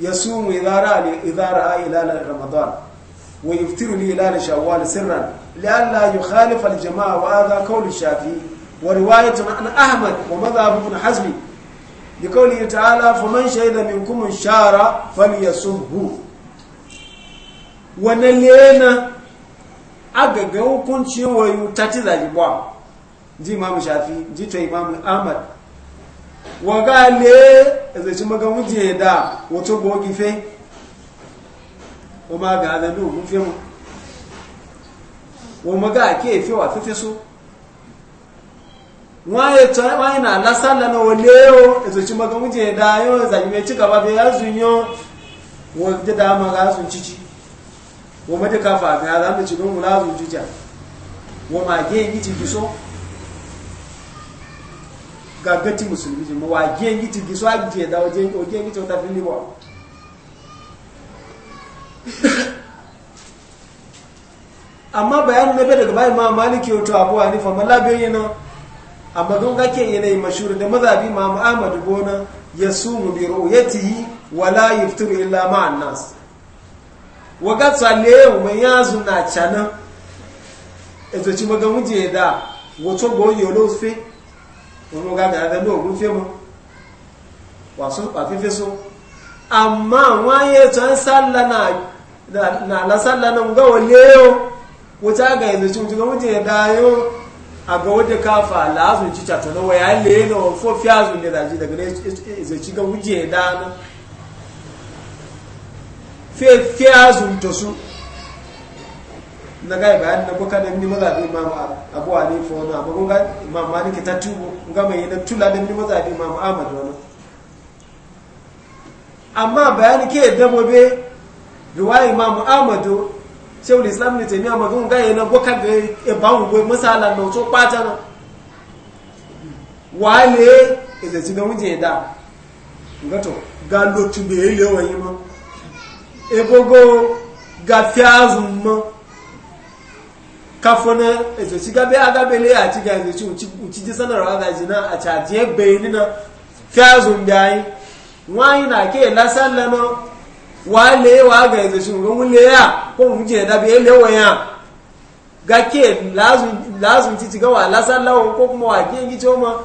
ya sumu idara idara a ilala ramadan wa yuftiru li ilala shawwal sirran lialla yukhalifa jama'a wa hadha qawl shafi wa riwayatun an ahmad wa madhhab ibn hazm bi qawli ta'ala faman shahida minkum ash-shahra falyasubhu wa nalena agaga hukunci wayu tatiza libwa ji imamu shafi ji ta imamu ahmad waga le zaci maga wuje da wato bogi fe kuma ga da du mun fe mu wa maga ke fe wa fe so waye ta waye na la sala na oleo zaci maga wuje da yo zaji me ci gaba be azunyo wa da ma ga sun cici wa madaka fa ga za mu ci don mu la azun jija wa ma ge ni ci so gagati musulmi ji wa gengi ti giso a je da wajen ko gengi to ta fili wa amma bayanin na bai daga bayan ma maliki wato abu a nifa malabiyon yana amma don gake yanayi mashuru da mazabi ma muhammadu gona ya sumu bi ru'yatihi wala yuftiru illa ma'an nas waga tsalewu mai yazu na cana ezo ci maga muje da wato goyo lo fe wọn ga dada ní ogun fẹ́ mọ́ wàsó àfífẹ́ só àmá wọ́n yẹ tó ń sálà náà lásálà náà ga wọ́n lé o wọ́n ta ga ìlú tí wọ́n káfà láàzùn náà fọ́ àzùn lè na gaya bayan na buka da ni mazabi imam abu hanifa na abu kun ga imam maliki ta tubo kun ga mai yi na tula da ni mazabi imam ahmad wani amma bayani ke damo be riwaya imam ahmad shehul islam ne tamiya magun ga yana buka ga e ba mu boy masala no so pata na wale e da tiga muje da ngato ga lo tube ile wayi ma e bogo ga fiazun ma kafana ezo ci gabe aga bele a ci gabe ci uci ji sanarwa ga jina a caje ni na fiyazun bayi wani na ke la wa le wa ga ezo ci ga wule ya ko mu je da bele ya ga ke lazun lazun ci ga wa la sallama ko kuma wa ke ngi ma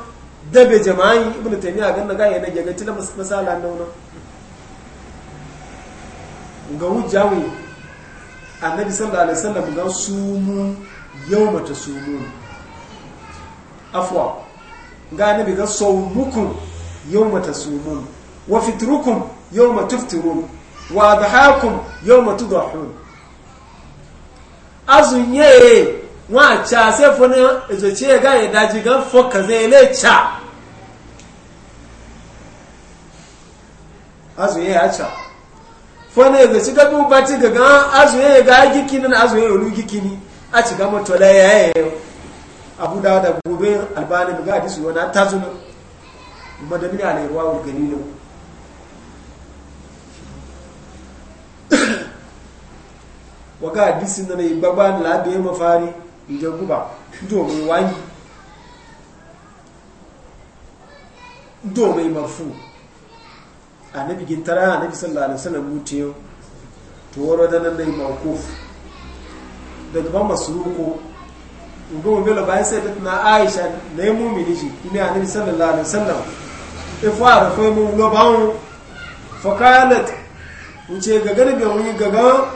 dabe jama'i ibnu taymiya ga na ga yana ga tilan masala nan nan ga wujawi annabi sallallahu alaihi wasallam ga su mu yau mata sumu afwa ga annabi ga sawmukum yau mata sumu wa fitrukum yau mata tuftirun wa dhahakum yau mata dhahun azunye wa cha se fona ezoche ga daji ga foka ze le cha azunye ya cha fona ezoche ga bu bati ga azuye ga gikini na azuye olu gikini a ci gama tola ya yayin abu da da gobe albani ga a disu wani ta zuna madadin a lairuwa wa gani ne disu hadisi na mai gbagba na labe ya mafari idan guba domin wani domin mafu a nabi gintara a nabi sallallahu alaihi wasallam mutiyo to waro da nan yi mawkufu da gaban ruko ugbo mu bela bayan sai na Aisha na yi mummi da shi ina annabi sallallahu alaihi wasallam ifwa da kai mun ga bawon fa kanat wuce ga garbe mun ga ga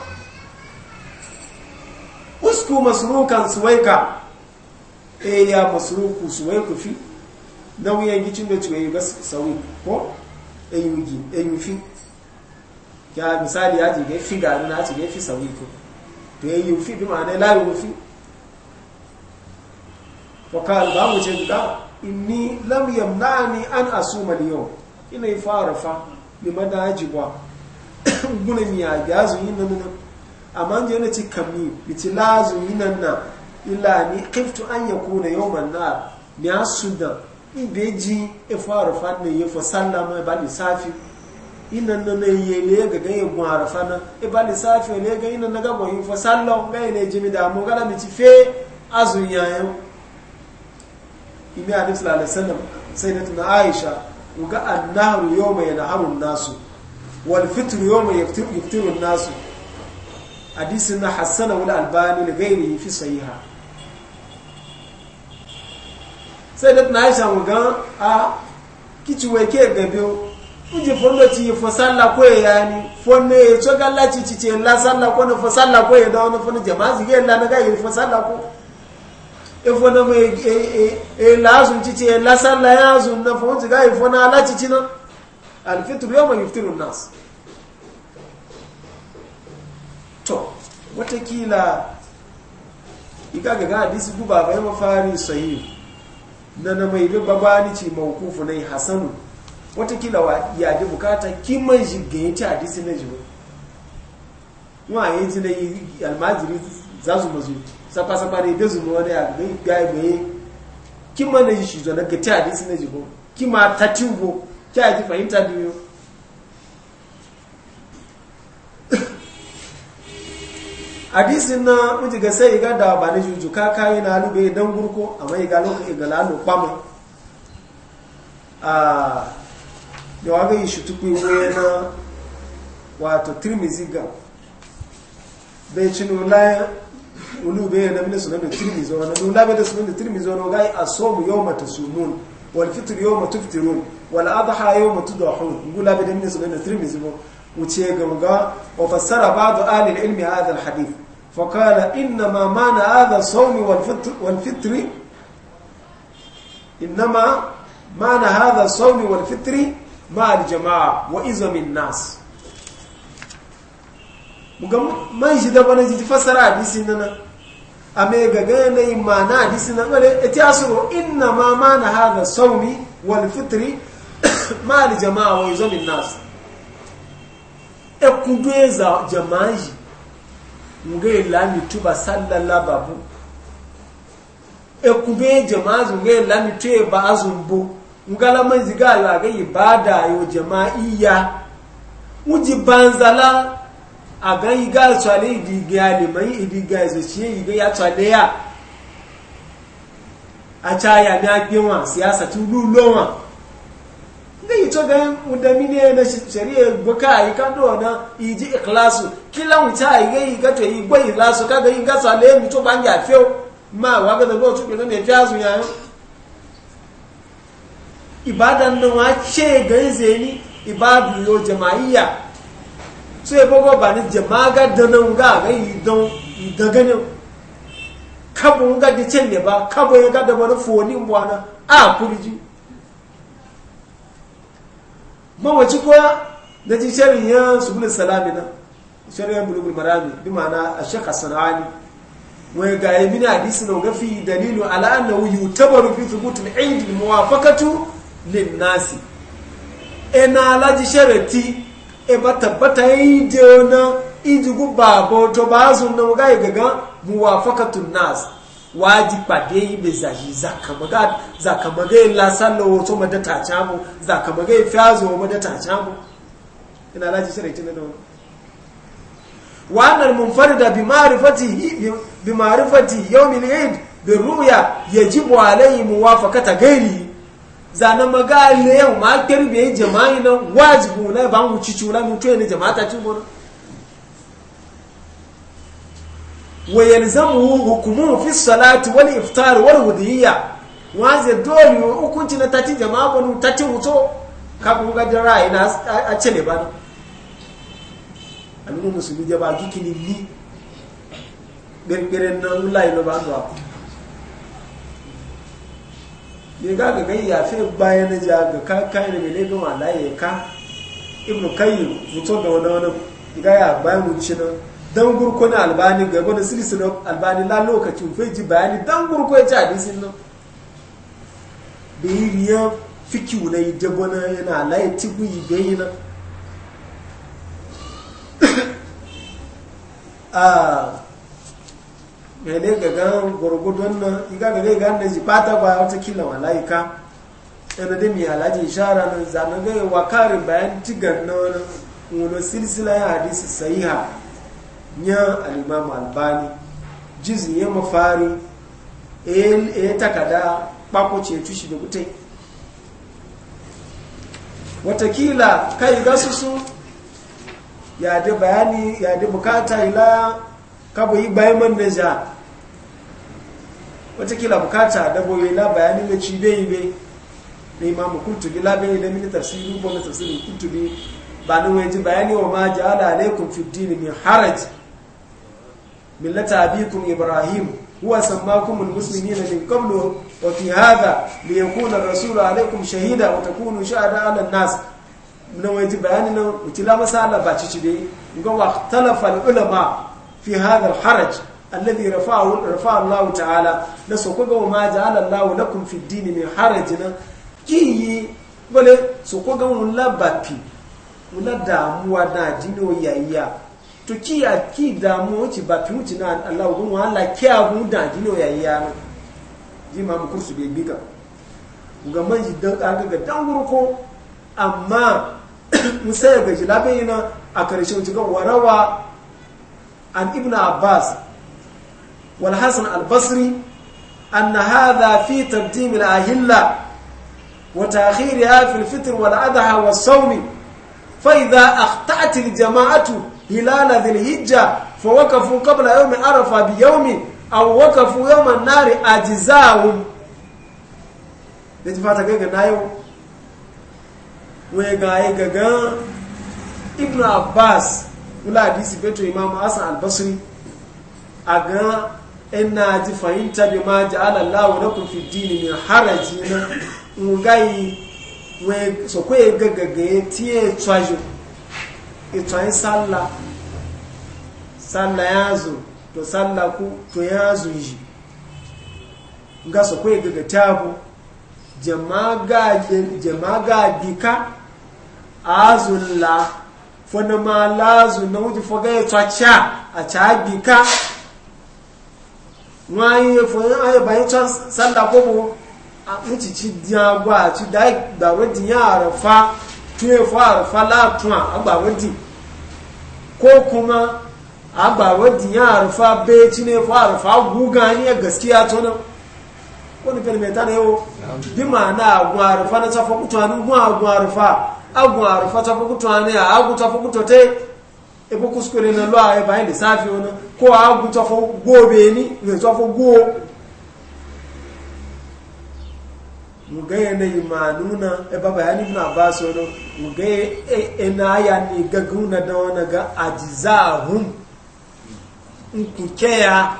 usku masu rukan suwaika eh ya ruku suwaiku fi na wuyan gicin da cewa ciwaye ga sauyi ko eyugi eyufi ya misali ya ji ga fi ga na ci ga fi sauyi ko to ya yi fi bi ma'ana la yufi wa qala ba mu ce da inni lam yamna'ani an asuma al-yawm ina farafa lima da ajibwa gune mi ya gazu yin nan nan amma je na ci kamni bici lazu yin nan na illa ni qiftu an yakuna yawman na mi asuda in beji e farafa ne yi fa sallama ba ni safi ina na na yi ne ga ganye gun arafa na e ba lissafi ne ga ina na gaba yi fa sallon ga ina jimi da mu gana mi ci fe azun yayin Ibi alif sallallahu alaihi sai da tuna aisha ga annahu yawma yanharu nasu wal fitr yawma yaftiru yaftiru nasu hadisin na Hassan wal albani li ghairihi fi sahiha sai da tuna aisha ga a kici wai ke gabe uji fondo ci fo salla ko e yani fonne e choga la ci ci la salla ko no fo ko e dawo fo no jama'a zige la na ga e fo salla ko e fo no me e e e la ci ci la ya na fo ci ga e fo na la ci ci no al fitr yawma yuftiru nas to wata kila igaga ga hadisi guba bai mafari sahihi na mai babani ci mawkufu nai hasanu watakila wa yaji bukata kiman shi ga ya ci hadisi na jibo wa yi ji na yi almajiri za su mazu sapa-sapa ne da zuma wani a ga gaye kima na shi zo ga ci hadisi na jibo kima ta ci ugo ki a ji fahimta biyu hadisi na wuce ga sai ga da ba ni juju ka kayi na alube dan gurko amma ga lokacin ga lalo kwamai ah, da waga yi shutukwi na wato tirmizi ga bai ci nulayen ulu bai yana mini sunan da tirmizi wani nula bai da sunan da tirmizi wani gai a somu yau mata sumun wal fitir yau mata fitirun wal adha yau mata dahun nula bai da mini sunan da tirmizi ba wuce ganga wa fassara ba'du ahli ilmi hadha al hadith fa qala inna ma mana hadha sawmi wal fitr wal fitri inma mana hadha sawmi wal fitri ma'al jama'a wa izamin nas muga man shi da bana ji fasara hadisi nan a mai gaga na yi mana hadisi nan bare ita asuru inna ma mana hada saumi wal fitri ma'al jama'a wa min nas e kudweza jama'a muga ilami tuba sallallahu babu e kube jama'a muga ilami tuba azumbu ngala manzi gayo aga ibada yo jama'iyya uji banzala aga iga tsale idiga le mai idiga zo chi iga ya tsale ya acha ya ni agbe wa siyasa ti lu lo wa nge yito ga mudami ne na shari'a e boka ai ka do na iji ikhlasu kila mu unta iga iga to igbo ikhlasu kaga iga tsale mi to banja fe ma wa ga do tu ke no ne fi azu ya ibadan nan wa ce gan zeni ibadu yo jama'iyya so ya bago ba ni jama'a ga danan ga ga idan daganin kabo ga da cin ne ba kabo ya ga da wani foni bwana a kurji mawaci ko da ji sharin ya subul salami na sharin ya bulugul marami bi ma'ana ashaka sanani wai ga yi mini hadisi na gafi dalilu ala annahu yutabaru fi thubutil ilmi muwafaqatu lin nasi ena alaji sharati e ba tabbata yi je na iji guba bo to ba su na muga gaga muwafaqatun nas waji pade yi be zahi zakamaga zakamaga la sallo to madata chamu zakamaga fiazo madata chamu ina alaji sharati na don وأن المنفرد بمعرفته بمعرفة يوم العيد بالرؤيا يجب عليه موافقة غيره zana maga ne yau ma kirbe jama'i nan wajibu na ba mu cicu na mutu ne jama'a ta cibo wa yalzamu hukumu fi salati wal iftar wal hudiyya waje dole hukunci na tati jama'a ko tati mutu ka ku ga dara ina a cele ba ni musulmi ba kikini li gergeren na lai no ba ne ga ga gayya fi bayan na ja ga ka kai da ne ga wala ya ka ibnu kayyim mutum ga wani wani ga ya bayan mun ci na dan gurko na albani ga gwada silsila albani la lokacin fai ji bayani dan gurko ya ci hadisin nan da yi riya fiki na yi jabona yana layi tibu yi bayi na ah, mene ga gan gwargwadon nan iga ga gai gan da ji fata ba wata kila malaika yana da mi alaji ishara nan zanu ga wa bayan tigan na wani silsila ya hadisi sahiha nya al albani jizi ya mafari e, e takada bako ce tushi da gutai watakila kai gasusu ya da bayani ya da bukata ila kabo yi bayan man na ja watakila bukata boye na bayanin da ci bai bai na imamu kurtubi labari da mini tafsirin ko na tafsirin kurtubi ba ni wani bayani wa ma ja'ala alaikum fi dini min haraj millata abikum ibrahim huwa sammakum almuslimin min qablu wa fi hadha li yakuna ar-rasulu alaikum shahida wa takunu shuhada 'ala an-nas na wani bayani na mutila masala ba ci ci bai ga wa al-ulama fi هذا الحرج الذي رفعه رفع الله تعالى ta'ala da so ko ga ma ja'ala Allah lakum fi ad-din min harajin ki bale so ko to ki a ki damu ci bapi muti na Allah mu Allah ki mu da no yayya na ji ma mu kursu be biga ga ji dan ka ga dan gurko amma musaya ga yana a karshen ga warawa عن ابن عباس والحسن البصري أن هذا في تقديم الأهلة وتأخيرها في الفطر والأضحى والصوم فإذا أخطأت الجماعة هلال ذي الهجة فوقفوا قبل يوم عرفة بيوم أو وقفوا يوم النار أجزاهم da ji fata gaga na yau wai ga yi gaga ibn abbas kula hadisi beto imamu asan albasri a ga ina ji fahimta bi ma ji ala na kufi fi dini min haraji na ngayi we so ko e gagaga e ti e tsajo e salla salla to salla ku to yazo yi nga so ko e gaga tabu jama'a ga jama'a ga bika azulla fana ma lazu na wuce foga ya tsacha a cabi ka wani ya fana ayi bayan sanda kobo a wuce ci diya gwa a ci dawo di ya arafa tuye fo arafa latuwa a gbawo di ko kuma a gbawo di ya arafa gaskiya wani ta na gwa arafa na agun arufa tafukuto ani agun tafukuto te ebo kuskure na lo aye bayin de safi ona ko agun tafo go be ni ne tafo go mugaye ne imanuna e baba ya ni na ba do no mugaye e na ya ni gaguna da wana ga ajizahum nkukea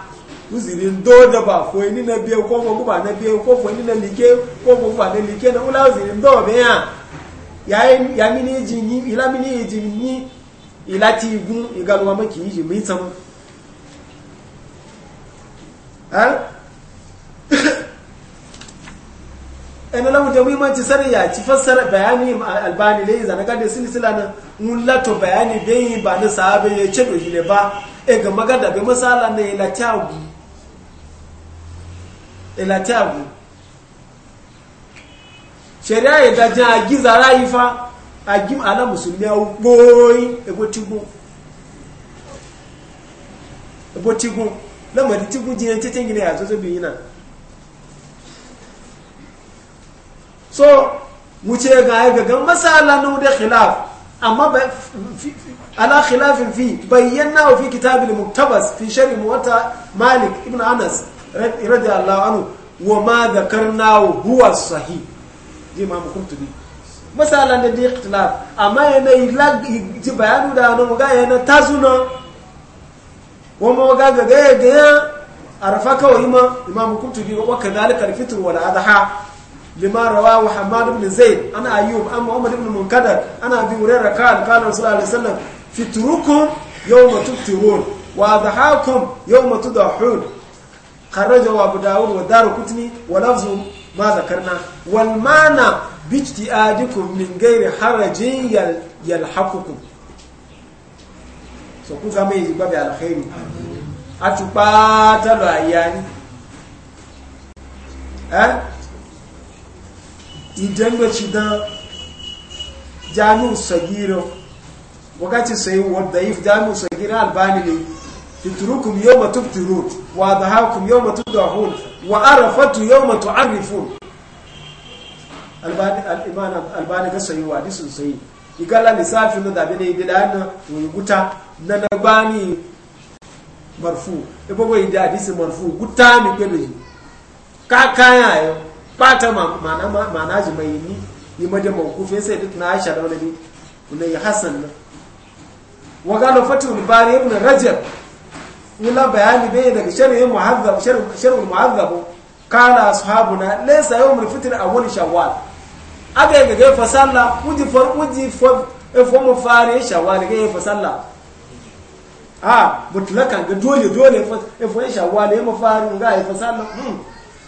uziri ndo da ba fo ni na biye ko mo ko ba na biye ko fo ni na like ko mo ba na like na ula uziri ndo ya ya mini eji yi ila mini eji yi ila ti igun igaluwa maki iji mai tsama ɗan lamu da muhimmanci sanin ya ci fassara bayani albani ne zana gada silsila na nulato bayani da yi ba na sahabe ya ce doji ne ba e ga magada bai masala na ilatagu e ilatagu e shari'a ya dajin a giza rayu fa a gim ala musulmi a gboroyi egbotigun lamari tigun e jiyan so wuce ga ya gagan masala na wuda khilaf amma ala khilafin fi bayyana wa fi kitabil muktabas fi shari muwata malik ibn anas radiyallahu anhu wa ma dhakarnahu huwa sahih ji ma hukum tudi masalan da amma yana lag ji bayanu da no ga tazuna wa mo ga ga ga ga arfa ka wa ima imam hukum tudi wa kadhalika al-fitr wa al-adha lima rawahu hamad ibn zayd ana ayub amma umar ibn munkadar ana bi urayra qala qala rasulullah alaihi wasallam fitrukum yawma tuftirun wa adhahakum yawma tudahun kharaja wa abu daud wa kutni wa lafzu ma zakarna wal mana bijtiadikum min ghairi harajin yalhaqukum so ku ga mai babu alkhairi atupa talo ayani eh idan ba ci dan jami'u sagiro wakati sai jami'u albani ne تتركم يوم تبتلون وأضحاكم يوم تدعون وأرفت يوم تعرفون الإمام الباني كسي وحديث سيء يقال لي سافي ندا بين يدلان ويغوتا ننباني مرفوع يبقى يدي حديث مرفوع غوتا مي كدوي كاكايا يو باتا ما ما ما ناجي ما يني يما ده موقوف سي دت ناشا دوله دي ولي حسن وقالوا فتح الباري ابن رجب ila bayani bai daga sharhin muhazzab sharhul muhazzab kana ashabuna laysa yawmul fitr awwal shawwal aga ga ga fasalla uji for uji e for efo mu fare shawwal ga fasalla a mutlakan ga dole dole efo e e shawwal ya mu fare ga ya fasalla hmm.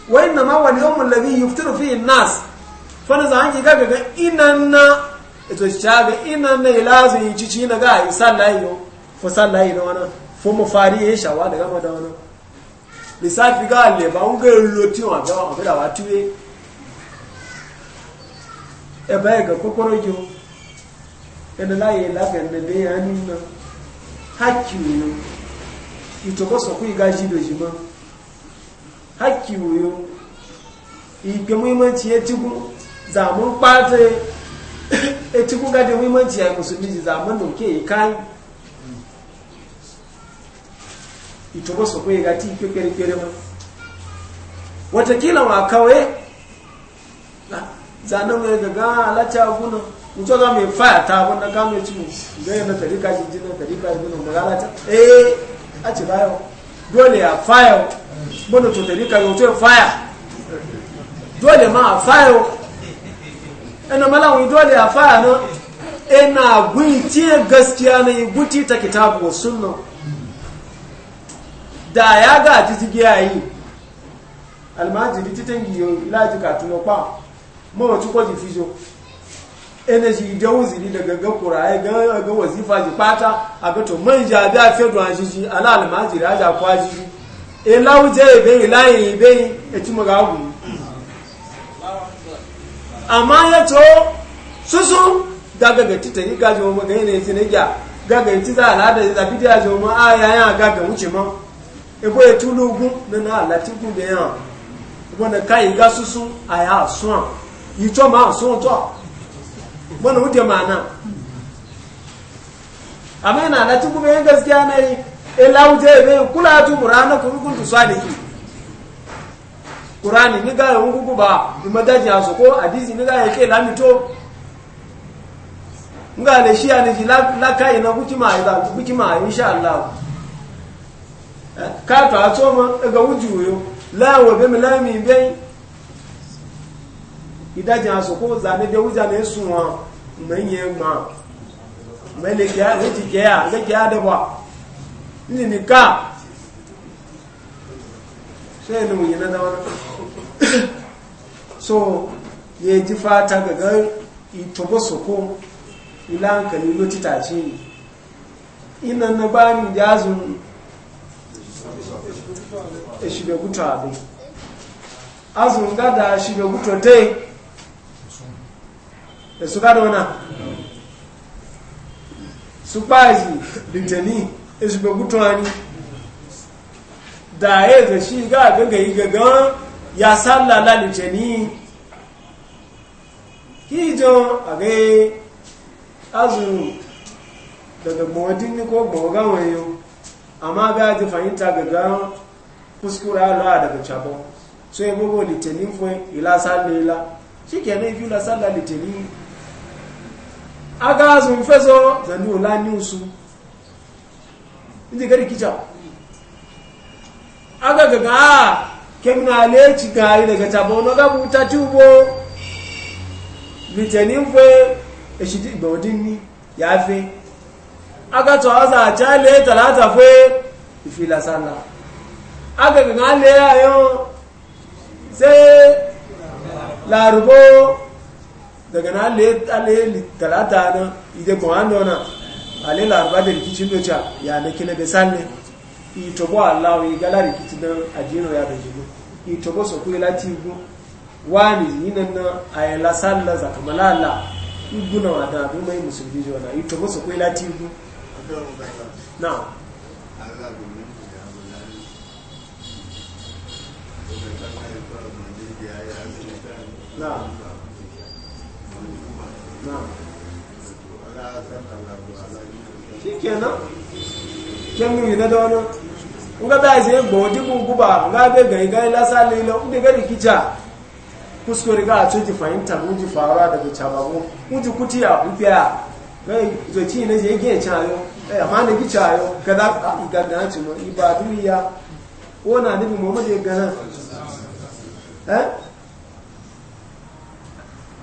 wa inna ma wal yawm alladhi yuftiru fihi an-nas fa na zan ga ga inanna ito shaga inanna ilazu yi cici na ga ya yo fasalla yi na wannan fún mo fari yẹn ṣàwádìí ká mọ̀ dáwọn náà lissafi ká lè bá ń gẹ̀rẹ̀ lo tí wọn àbẹ́wọ̀n àbẹ́dà wá túwé ẹ̀bá ẹ̀gà kókóró jù ẹni láyé lábẹ̀ẹ̀dẹ̀ yẹn ní iná hákì òyò ìtòkọ́sọ̀kú ìgá jídò jì mọ́ hákì òyò ìgbẹ̀mú ìmọ̀ tí ẹtíkú zàmú pàtẹ́ ẹtíkú gádẹ̀ ìmọ̀ tí ẹkùsùn méjì zàmú itobo soko ya gati ikyo kere kere ma watakila wa kawe zanen mai gaga alata guna mutu za mai faya ta wanda ka mai cimu gaya na tarika shi jina tarika shi guna mai alata eh a ci bayo dole ya faya bane to tarika yau to faya dole ma a faya ina malawi dole ya faya e na ina gwi tiye gaskiya na yi guti ta kitabu wa sunna da ya gaji ti gé ayé alìmájìrí títẹ́ yìí láti kàtúnlọ pa mọ́rọ̀ tí kọ́ jì fíjọ ẹnẹ́jì ìdẹ́wùsì ní gẹ̀gẹ̀gẹ̀ kòrò ayẹ́gẹ̀ wọ̀sí fàájì pátá àbẹ́tọ̀ mọ́ìjà abẹ́ àfẹ́dùn àjíjí aláàlìmájìrí àjàkọ́ àjíjí eláwùjẹ́ ìbẹ́yìn láyìn ìbẹ́yìn ẹtúmọ̀gá wù àmá yẹ́tọ́ súnsún a títẹ̀ a gaga wuce ma. ebo etulu ugun na alati gun be yan ebo na kai ga susu aya asun a ito ma asun to bo na ude ma na amma na alati gun be yan gaskiya na yi elauje ebe kula tu murana kun kun tu sadiqi Qur'ani ni ga yawon gugu ba imadaji a soko hadisi ni ga yake lamito nga le shi ani la la kai na kuki ma ida kuki ma insha Allah ka to a tsoma daga wujuyo la wa bi milami bai idajin aso ko zane da wuja ne sunwa manye ma mele ya ne ti ya ne ya da ba ni ni ka sai mu yana da wani so ye ji fata ga ga itobo soko ilan kalilo titaci ina na ba ni jazun e shibe guto abe azun gada shibe guto te e su gada wana su kpazi litani e shibe guto ani da ya ga shi ga gaga yi gaga ya sallala litani ki jo a ga azun daga gbawadin ni ko gbawagan wayo amma ga ji fahimta kuskure ala daga chabo so e bogo litini fue ila salela shikene ifi la sala litini aga azu mfezo zani ola ni usu ndi gari kicha aga gaga ah, kemna ale chigai daga chabo no ga buta tubo litini fue eshidi bodini yafe aga to aza achale talata fwe, ifi la sala agaga ga le yayo sai larubo daga na le ale talata na ide ko ando na ale laruba da rikicin docha ya na kina be sanne itobo allah yi gala rikicin dan ajino ya da jigo itobo so ku e ti tigo wani yinan na ayala e salla zakamalala iguna wada bi mai musulmi jona itobo so ku e ti tigo na shi kenan kyan yi na da nga ba zai gbo dibu guba nga be gai gai la sale la unde gari kija kuskure ga to ji fahimta ji fara daga chabago ji kutiya mu fiya gai zo na ne je ge chayo eh ma ne gi chayo kada ka ibadu ya ona dibu mu ma gana eh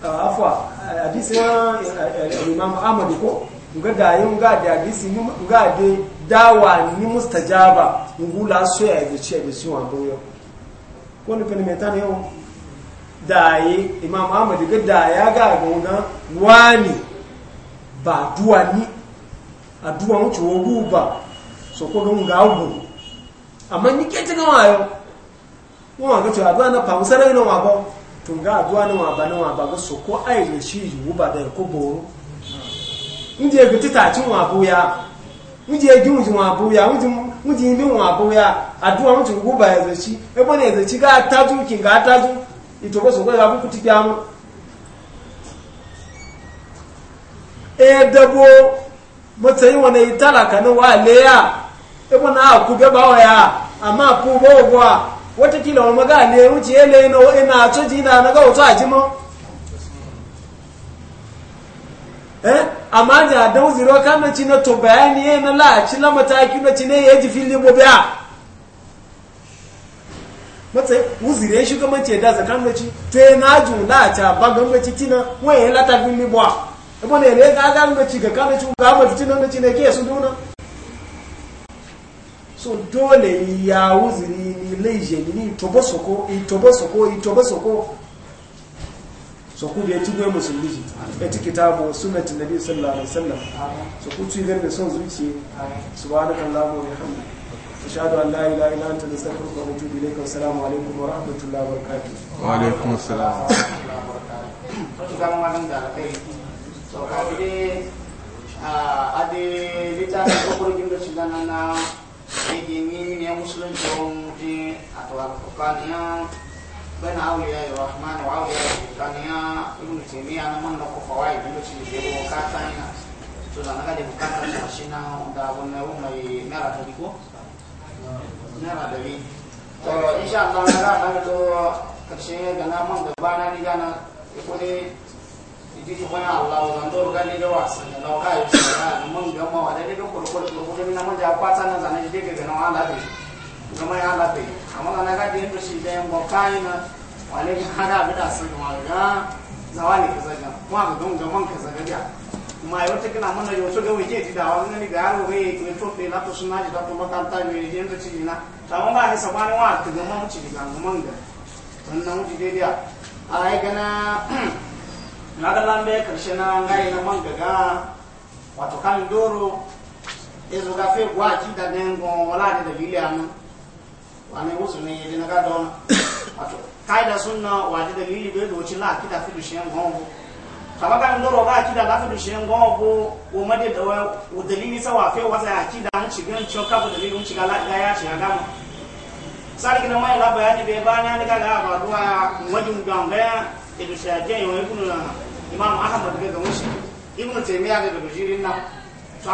afwa hadisi imam ahmad ko nga da yi nga da hadisi nga da dawa ni mustajaba ngula so ya ga ce bisi wa doyo ko ni kalme tan yau da yi imam ahmad ga da ya ga gonga wani ba duwa ni aduwa wuce wo ba so ko gon ga ubu amma ni ke tin wayo mo ga to aduwa na pa musara ina wa ba tunga aduwa na waba na waba ga so ko ai da shi yiwu ba da ya ko boro ndi ya gutu ta cin wabu ya ndi ya gimu jin wabu ya ndi ndi yin bin wabu ya aduwa mu tun guba ya zaci e bane ya zaci ga ta ju kin ga ta ju ito ko so ga ku ti ya mu e dabo mutsayi wana itala kana wa leya e bana ku ga bawa ya amma ku bo bo watakila wa maga ne wuce yanayi na wa'ina a coji na na gawo a jima eh amma ja don ziro kan na ci na to bayani ya na laaci ci na mataki na ci ne ya ji fili bo biya matsayi wuzire shi ga mace da zakan na ci to ya na ju la ta ba gan ga tina waye la ta fili bo ne ne ga ga ga ci ga kan na ci ga ma na ci ne ke su duna so dole ya wuzi ni leje ni itobo soko itobo soko itobo soko so ku da musulmi eti kitabu nabi sallallahu alaihi wasallam ku ci son zuci subhanallahi wa bihamdihi ashhadu an la ilaha illa anta astaghfiruka wa atubu ilayka kan assalamu alaikum wa rahmatullahi wa barakatuh wa alaikum assalam wa rahmatullahi wa barakatuh so ka a ade litafin kokorin da shi na ilimi ne musulunci wani a tawakokaniya bana auliya ya rahman wa auliya ya bukaniya ibn taimiyya na manna ko fawai bin lokacin da ya bukata yana to da na gade bukata ta shi na da wani yau mai naira ta riko naira da bi Allah na ga ta to karshe ga na man gaba na riga na ya ikiti mwana Allah na ndoro gani da wasan da lauka ya mun ga da dukkan kurkur kurkur min mun ja kwata na zanan dike ga na Allah ga amma na ga to shi na ga da ga ka zaga kuma ga don ga man ka zaga yau ta kana mun yau so ga wije ti da ni ga ga yi to fe na to ji da ci na ta mun ni wa ta ga mun ci ga mun ga wannan dai ai gana na ga lambe karshe na ngai na man gaga wato kan doro ezo ga fe gwa da nengo wala ne dalili an wani musu ne yedi na ga don wato kaida sunna wa da dalili be do la ki da fi shen gongo kaba kan doro ga ki da la fi shen gongo o ma de wa o dalili sa wa fe wa sa ki da an ci gan cho ka dalili un ci ga la ga ya ci ga mu sarki na mai la bayani be ba na ga ga ba duwa wajin gamba edo shafiya wa ibnu na imam ahmad ga gamushi ibnu taymiya ga gajirin na to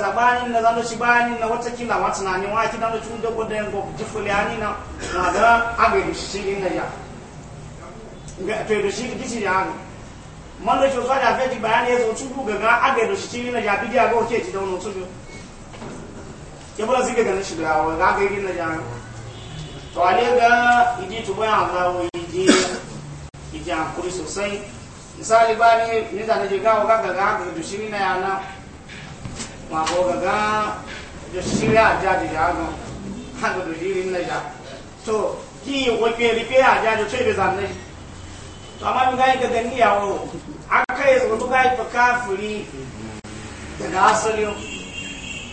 zabani na zando shi bani na wata kila wata na ni wa ki dando tun da godan go jifuli ani na na ga aga shi shiri na ya Nga to edo shi kici ya ga man shi zuwa da feti bayani yazo ga aga shi na ya bi ga ke ji da wannan ke bula zike ga shi da wa ga ga na ya to ale ga idi tubu ya Allah wa idi ki ji hankuri sosai misali ba ne ni da naje gawo ga ga ga da shiri na yana ma ko ga ga da shiri a jaji da ga ha ga da shiri na ja to ki wo ke ri ke a da ce be zan ne to amma mi ga yi da ni yawo aka yi zo ga fa kafiri daga asali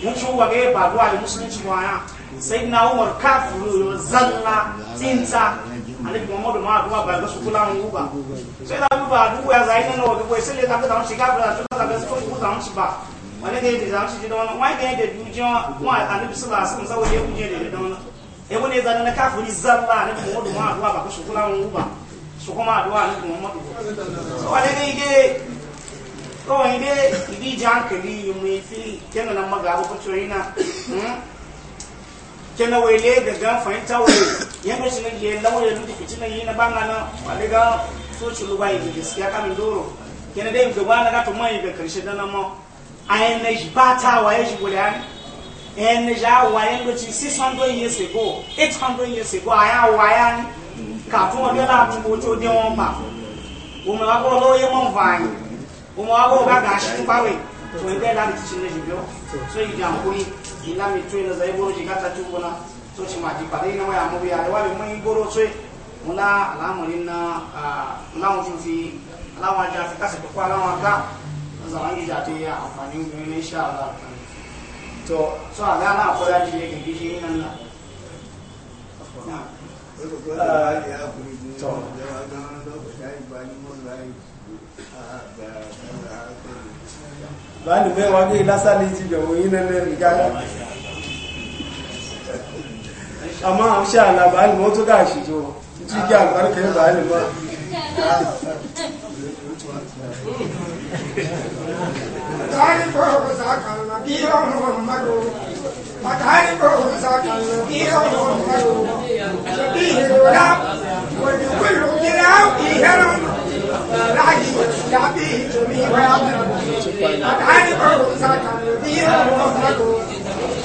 mun ci wa ga ba duwa da musulunci mu aya sai na umar kafiru zalla tinta anabi muhammadu ma aduwa ba ga suku lan uba sai da uba aduwa ya zai nan wa ko sai le ta ka da shi ka da shi ka ga suku ku da shi ba wani ga yadda zan shi da wani wai ga yadda dujiya wa anabi sallallahu alaihi wasallam sai waje kuje da wani e wani zan na kafiri zalla anabi muhammadu ma aduwa ba ga suku lan uba su kuma aduwa anabi so wani ga yadda kawai dai idi jankali mai fili kenan nan magabu ko tsoyina hmm? kenan wai le ga gan fahimta yanda shi nan ke lawo ya yi na banga na waliga so ci luba yi gaskiya kamin doro kene dai ga wani ga tuma yi ga karshe da nan ma ayen na shi bata waye shi gure an ayen na ja waye ga ci 600 years ago 800 years ago aya waye ka tun wa bela tun ko to de won pa o ma ga ko lo ye mon vani o ma ko ga ga shi pa we to inde la ti chin ne jibyo so yi jam ko yi ila mi to zai ji ka ta tu so shi ma mu biya yi da a ji ne ga gishi lasa ne ji da ne amma a sha Allah ba alimu wato da shi jo ti ki albarka ya ba alimu Matahariko Matahariko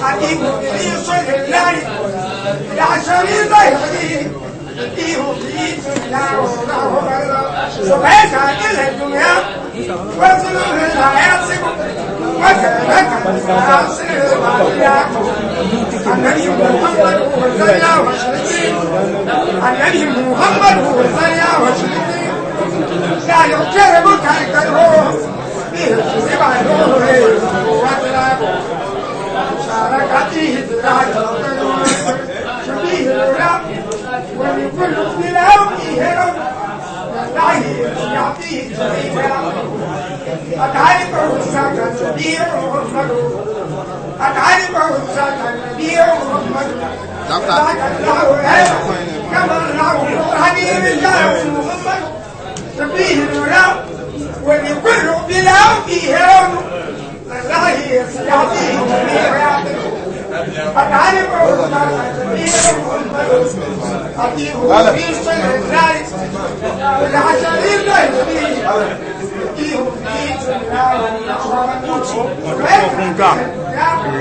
حكيم إبليس لله لا شريك له فيه إبليس لا سبحانك إلى الدنيا وزنه الحياة وكانك الفاسر النبي محمد هو الزيا وشريكين النبي محمد هو الزيا وشريكين لا يقربك الكره به الزبع نوره وزنه حركته بالعجل شبيه الأولى ومن كل اسم له إيهرم يدعي يعطيه جريمة أتعلمه الساكن نبيع ومحمد أتعلمه الساكن نبيع ومحمد بعد له العلم كما له الحديث الله محمد شبيه الأولى ومن كل اسم له إيهرم Vem cá.